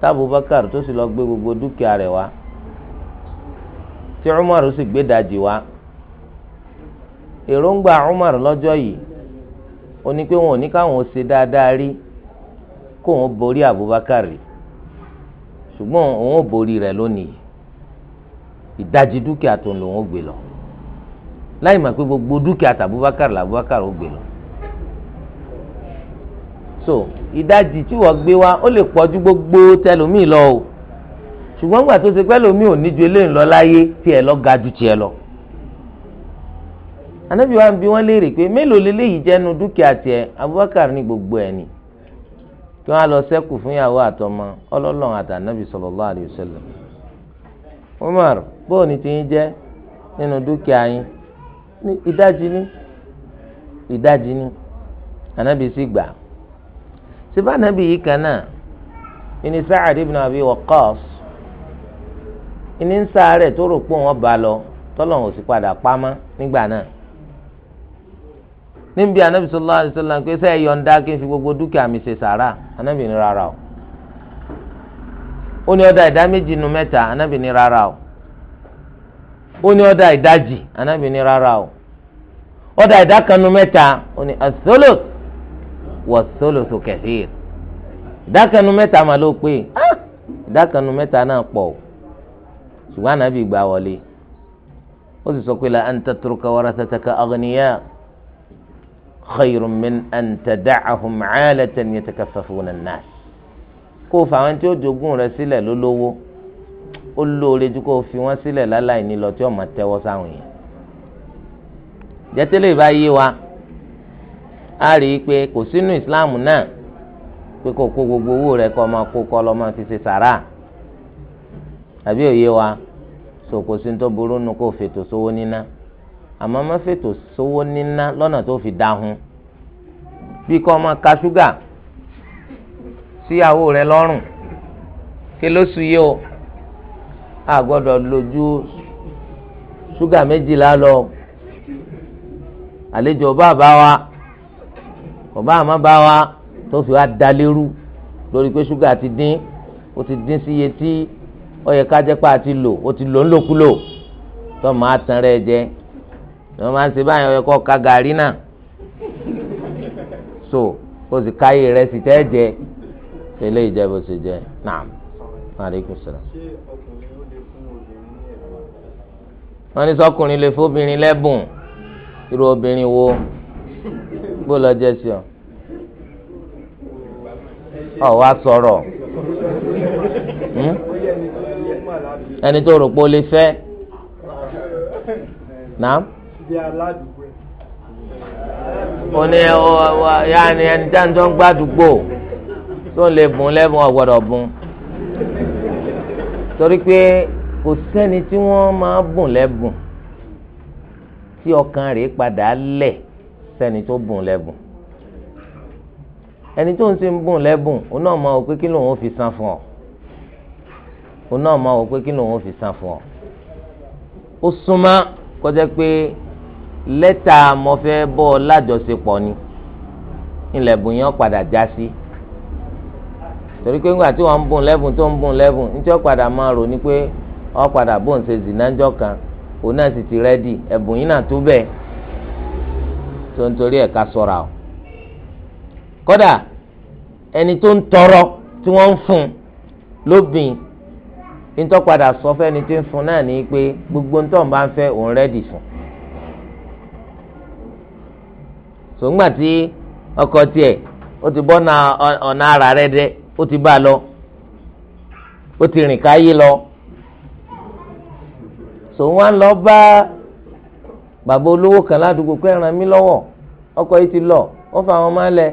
tábùbákàr tó sì lọ gbé gbogbo dúkìá rẹ̀ wá tí Umar sì gbé dajì wá èròǹgbà Umar lọ́jọ́ yìí ó ní pé wọn ò ní káwọn ṣe dáadáa rí kóun borí Abubakar rí ṣùgbọ́n òun ò borí rẹ̀ lónìí ìdajì dúkìá tó ń lò wọ́n gbé lọ láì mọ̀ pé gbogbo dúkìá tàbúbákàrà làbúbákàrà ó gbé lọ so ìdajì tí wọ́n gbé wá ó lè pọ̀jù gbogbo tẹlómi lọ o ṣùgbọ́n gbà tó ṣe pẹ́ lómi ò ní ju eléyìí lọ láyé tiẹ̀ lọ ga ju tiẹ̀ lọ anabi wa bi léèrè pé mélòó leléyìí jẹnu dúkìá tiẹ̀ abubakar ní gbogbo ẹ̀ ni. kí wọ́n á lọ sẹ́kù fún ìyàwó àtọmọ ọlọ́lọ́run àtànábì sallallahu alaihi wasallam Umar bóò ní ti yín jẹ́ nínú dúkìá yín ní ìdajì ní ìdajì ní ànábì sì gbà síbá ànábì yìí kan náà ìní Sa'ad ibn àbí Waqqas ìní ń sáré tó rò pé wọ́n bá lọ tọ́lọ́run ò sì padà pamọ́ nígbà náà. níbi anabi sallallahu alaihi wasallam pé sẹ́ẹ̀ yọ̀ǹda kí n fi gbogbo dúkìá mi ṣe sàrà anabi ní rárá o ó ní ọ̀dà ìdá méjì nu mẹ́ta anabi ní rárá o ó ní ọ̀dà ìdájì anabi ní rárá o ọ̀dà ìdá kan nu mẹ́ta ó ní asolo wọ́solo tó kẹfìr ìdá kan nu mẹ́ta mà ló pé ah! ìdá kan nu mẹ́ta náà pọ̀ o ṣùgbọ́n anabi gbà wọlé ó sì sọ pé la anta turuka waratataka aghniya. خير من أن تدعهم عالة yatakaffafuna الناس. كوفا kó o fà wọn tí ó في وسيلة sílẹ̀ lólówó ó lóore ju kó o fi wọn sílẹ̀ láláì ní lọ tí ọmọ tẹ́wọ́ sáwọn yẹn jẹtẹlẹ bá yé wa a kò sínú ìsìláàmù náà pé kò kó gbogbo owó rẹ kọ máa kó kọ lọ máa fi ṣe sàrà àbí òye wa so kò sí ní tó burú nu kó fètò sówó níná. So, àmọ́ má fètò sówó níná lọ́nà tó fi dáhùn bí kò máa ka ṣúgà síyàwó rẹ lọ́rùn kí ló sùn yìí o a gbọ́dọ̀ lójú ṣúgà méjìlá lọ àlejò ọba àbá wa ọba àmọ́ bá wa tó fi wá da lérú lórí pé ṣúgà ti dín ó ti dín sí iye tí ó yẹ ti lò ó ti lò ńlòkulò tó máa tan rẹ jẹ ni wọ́n máa ń ṣe báyìí ọ̀yọ́ kọ́ ka gàrí náà so kó sì káyé rẹ̀ sì tẹ́ jẹ tẹ́lẹ̀ ìjẹ́bù sì jẹ naam maaleykum salaam. wọ́n ní sọ́kùnrin lè fóbìnrin lẹ́bùn irú obìnrin wo bó lọ jẹ́ sí ọ ọ wá sọ̀rọ̀ hmm? ẹni tó rò pé ó lè fẹ́ naam jẹ́ aládùúgbò ẹ̀. mo ní ni, ẹni tí a ń tọ́ ń gbàdúgbò tó lè bùn lẹ́bùn ọ̀gbọ́dọ̀ bùn torí pé kò sẹ́ni tí wọ́n máa bùn lẹ́bùn tí ọkàn rẹ̀ padà lẹ̀ sẹ́ni tó bùn lẹ́bùn ẹni tó ń sin bùn lẹ́bùn òun náà máa wò pé kí lòun fi san fún ọ òun náà máa wò pé kí lòun fi san fún ọ ó súnmọ́ kọjá pé lẹ́tà mo bọ́ lájọṣepọ̀ ni ilẹ̀ yẹn padà já sí torí pé ńgbà tí wọ́n ń bùn lẹ́bùn tó ń bùn lẹ́bùn níjọ́ padà máa rò ní pé wọ́n padà bùn ṣe zìnájọ́ kan òun ti rẹ́dì ẹ̀bùn yìí náà tó bẹ́ẹ̀ tó ń torí ẹ̀ ká sọ̀ra o kódà ẹni tó ń tọrọ tí wọ́n ń fún lóbìn nítọ́ padà sọ fẹ́ni tí ń fún náà gbogbo ń bá ń fẹ́ òun rẹ́dì sòǹgbà tí ọkọ tiẹ̀ ó ti bọ́ na ọ̀nà ara rẹ dẹ́ ó ti bá lọ ó ti rìn káyé lọ sòun wá lọ bá bàbá olówó kan ládùúgbò pé ràn ọkọ yìí ti lọ fa àwọn lẹ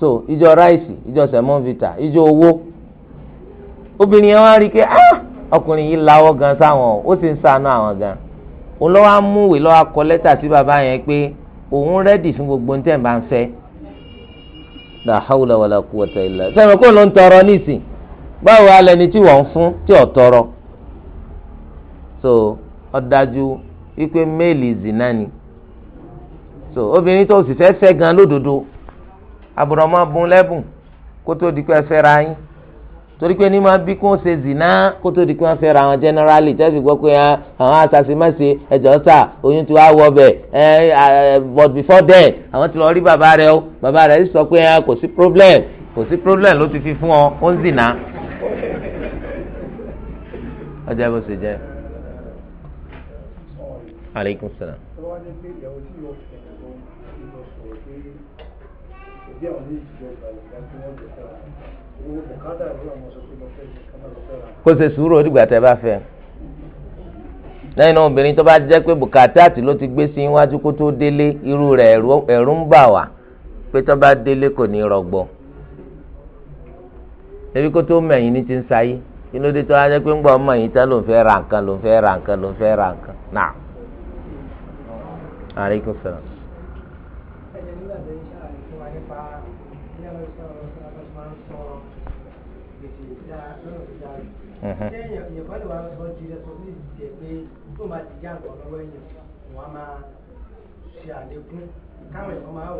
so ìjọ ráìsì ìjọ sẹ̀mọ́nvìtà ìjọ owó obìnrin yẹn wá rí i pé ah! ọkùnrin yìí lawọ́ gan sáwọn ó sì ń àwọn gan òun lọ́wọ́ á mú ìwé lọ́wọ́ lẹ́tà sí bàbá yẹn pé òun rẹ́dì fún gbogbo ní tẹ̀m̀bá ń fẹ́ la hawla wala quwwata illa sẹ́mi kó ló ń tọrọ nísìn báwo alẹ́ ni tí wọ́n ń fún tí ò tọrọ so ọ̀dájú wípé méèlì zina ni so obìnrin tó sì fẹ́ fẹ́ gan lódodo àbùrọ̀mọ́ bun lẹ́bùn kó tó di pé ẹ fẹ́ ra yín torí pé ní máa bí kó ṣe zìnà kó tó di pé wọ́n fẹ́ ra àwọn generally tẹ́sí gbọ́ pé ah, àwọn asàsímẹ́sì ẹ̀jọ̀ sà oyún ti wá wọ bẹ̀ ẹ̀ but before then àwọn ti lọ rí bàbá rẹ o bàbá rẹ sọ pé ah, kò sí problem kò sí problem ló ti fi fún ọ ó ń zìnà. ọjà bó ṣe jẹ aleykum salaam. Yeah, I need to go back. That's the one that's kó ṣe sùúrù onígbà tẹ́ bá fẹ́ lẹ́yìn náà obìnrin jẹ́ pé bùkátà ló ti gbé sí iwájú kó tó délé irú rẹ̀ ẹ̀rù ń bà bá délé kò ní rọgbọ ebi kó tó mẹ̀yìn ní ti ń sayé kí dé tó ajẹ́ pé ń ọmọ yìí tá fẹ́ ra nǹkan ló fẹ́ ra nǹkan ló fẹ́ ra nǹkan náà. ṣe àlékún káwọn èèyàn máa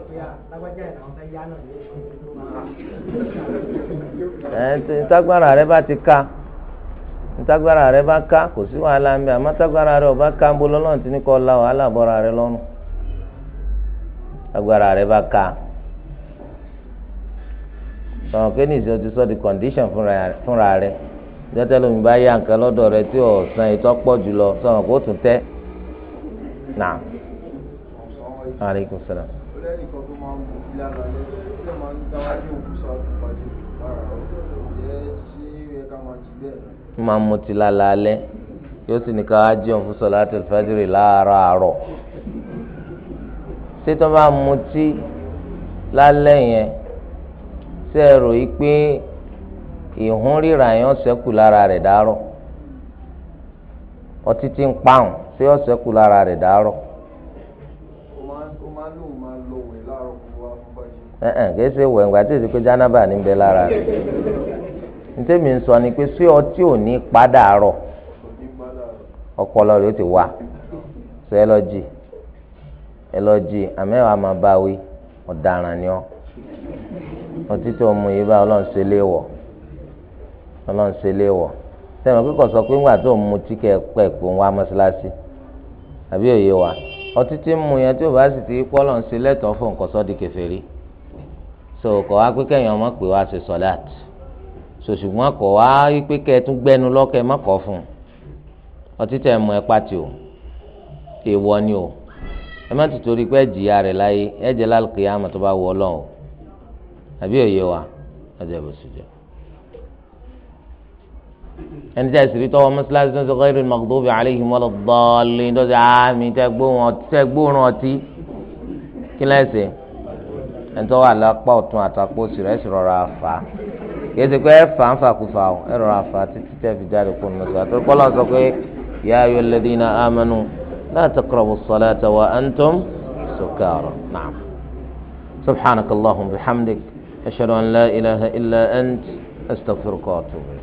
wò pé rẹ bá ti ká ntágbára rẹ bá ká kò sí wàhálà ń bẹ àmọ́ ntágbára rẹ ò bá ká ń bo lọ́lọ́run tí ní kọ́ la wàhálà bọ́ra rẹ lọ́rùn agbára rẹ bá ká sọ̀rọ̀ pé nìṣó di condition fúnra rẹ. jẹ́tẹ́ lómi bá yá nǹkan lọ́dọ̀ rẹ tí ò san ètò pọ̀ jùlọ sọ̀rọ̀ kó tún tẹ́ náà. aleykum salaam. máa mutí lálẹ́ yóò sì ní ká wá jí òun fún sọlátul fajr láàárọ̀ ṣé tó bá mutí lálẹ́ yẹn ṣe é rò yí pé ìhun ríra yẹn ọ̀sẹ̀kù lára rẹ̀ dárọ̀ ọtí tí ń pààrùn ọ̀sẹ̀kù lára rẹ̀ dárọ̀. tí èsì pé jánábà ní bẹ lára rẹ̀ ntẹ́mi ń sọ ni pé ọtí ní ọpọlọ rẹ̀ ó ti wà ẹ lọ jì ẹ lọ jì àmẹ́wàá máa bá wí ọ̀daràn ni ọtí tó ọlọ́run ṣe lé wọ̀ sẹ́wọ̀n kíkọ̀ sọ pé ńgbà tó ń mutí kẹ́ pẹ́ kó ń wá mọ́ṣáláṣí àbí òye wa ọtí tí ń mu yẹn tí ò bá sì ti pọ́ lọ́n ṣe fún nǹkan di kèfèrí so kọ̀ wá pé kẹ́yìn ọmọ pé wá ṣe sọ̀láàt so ṣùgbọ́n kọ̀ wá pé kẹ́ ẹ tún gbẹ́nu lọ́kẹ́ mọ́kọ̀ fún ọtí tẹ̀ mú ẹ pàtì o èèwọ̀ ni o ẹ má tètè rí pé ẹ̀jìyà rẹ̀ láyé ẹ̀jẹ̀ lálùkìyà àmọ́ tó bá wọ ọlọ́run àbí òye wa ẹ̀jẹ̀ bó jẹ́ ẹni tí a sì rí tọwọ́ mọ́sálásí tó ń sọ ghayril maghdubi alayhim walad dallin tó ń sọ àmì tẹ gbóhùn ọtí kí lẹ́sẹ̀ ẹni tó wà lápá ọ̀tún àtàkó sì rẹ̀ sì rọra fà á kì í ṣe pé ẹ fà ń fà kú fà ó ẹ rọra fà á títí tẹ́ fi jáde kó nù sọ àtúrò kọ́lá sọ pé ya ayyuhal ladhina amanu la taqrabus salata wa antum sukara na'am subhanakallahumma bihamdik ashhadu an la ilaha illa ant astaghfiruka wa atubu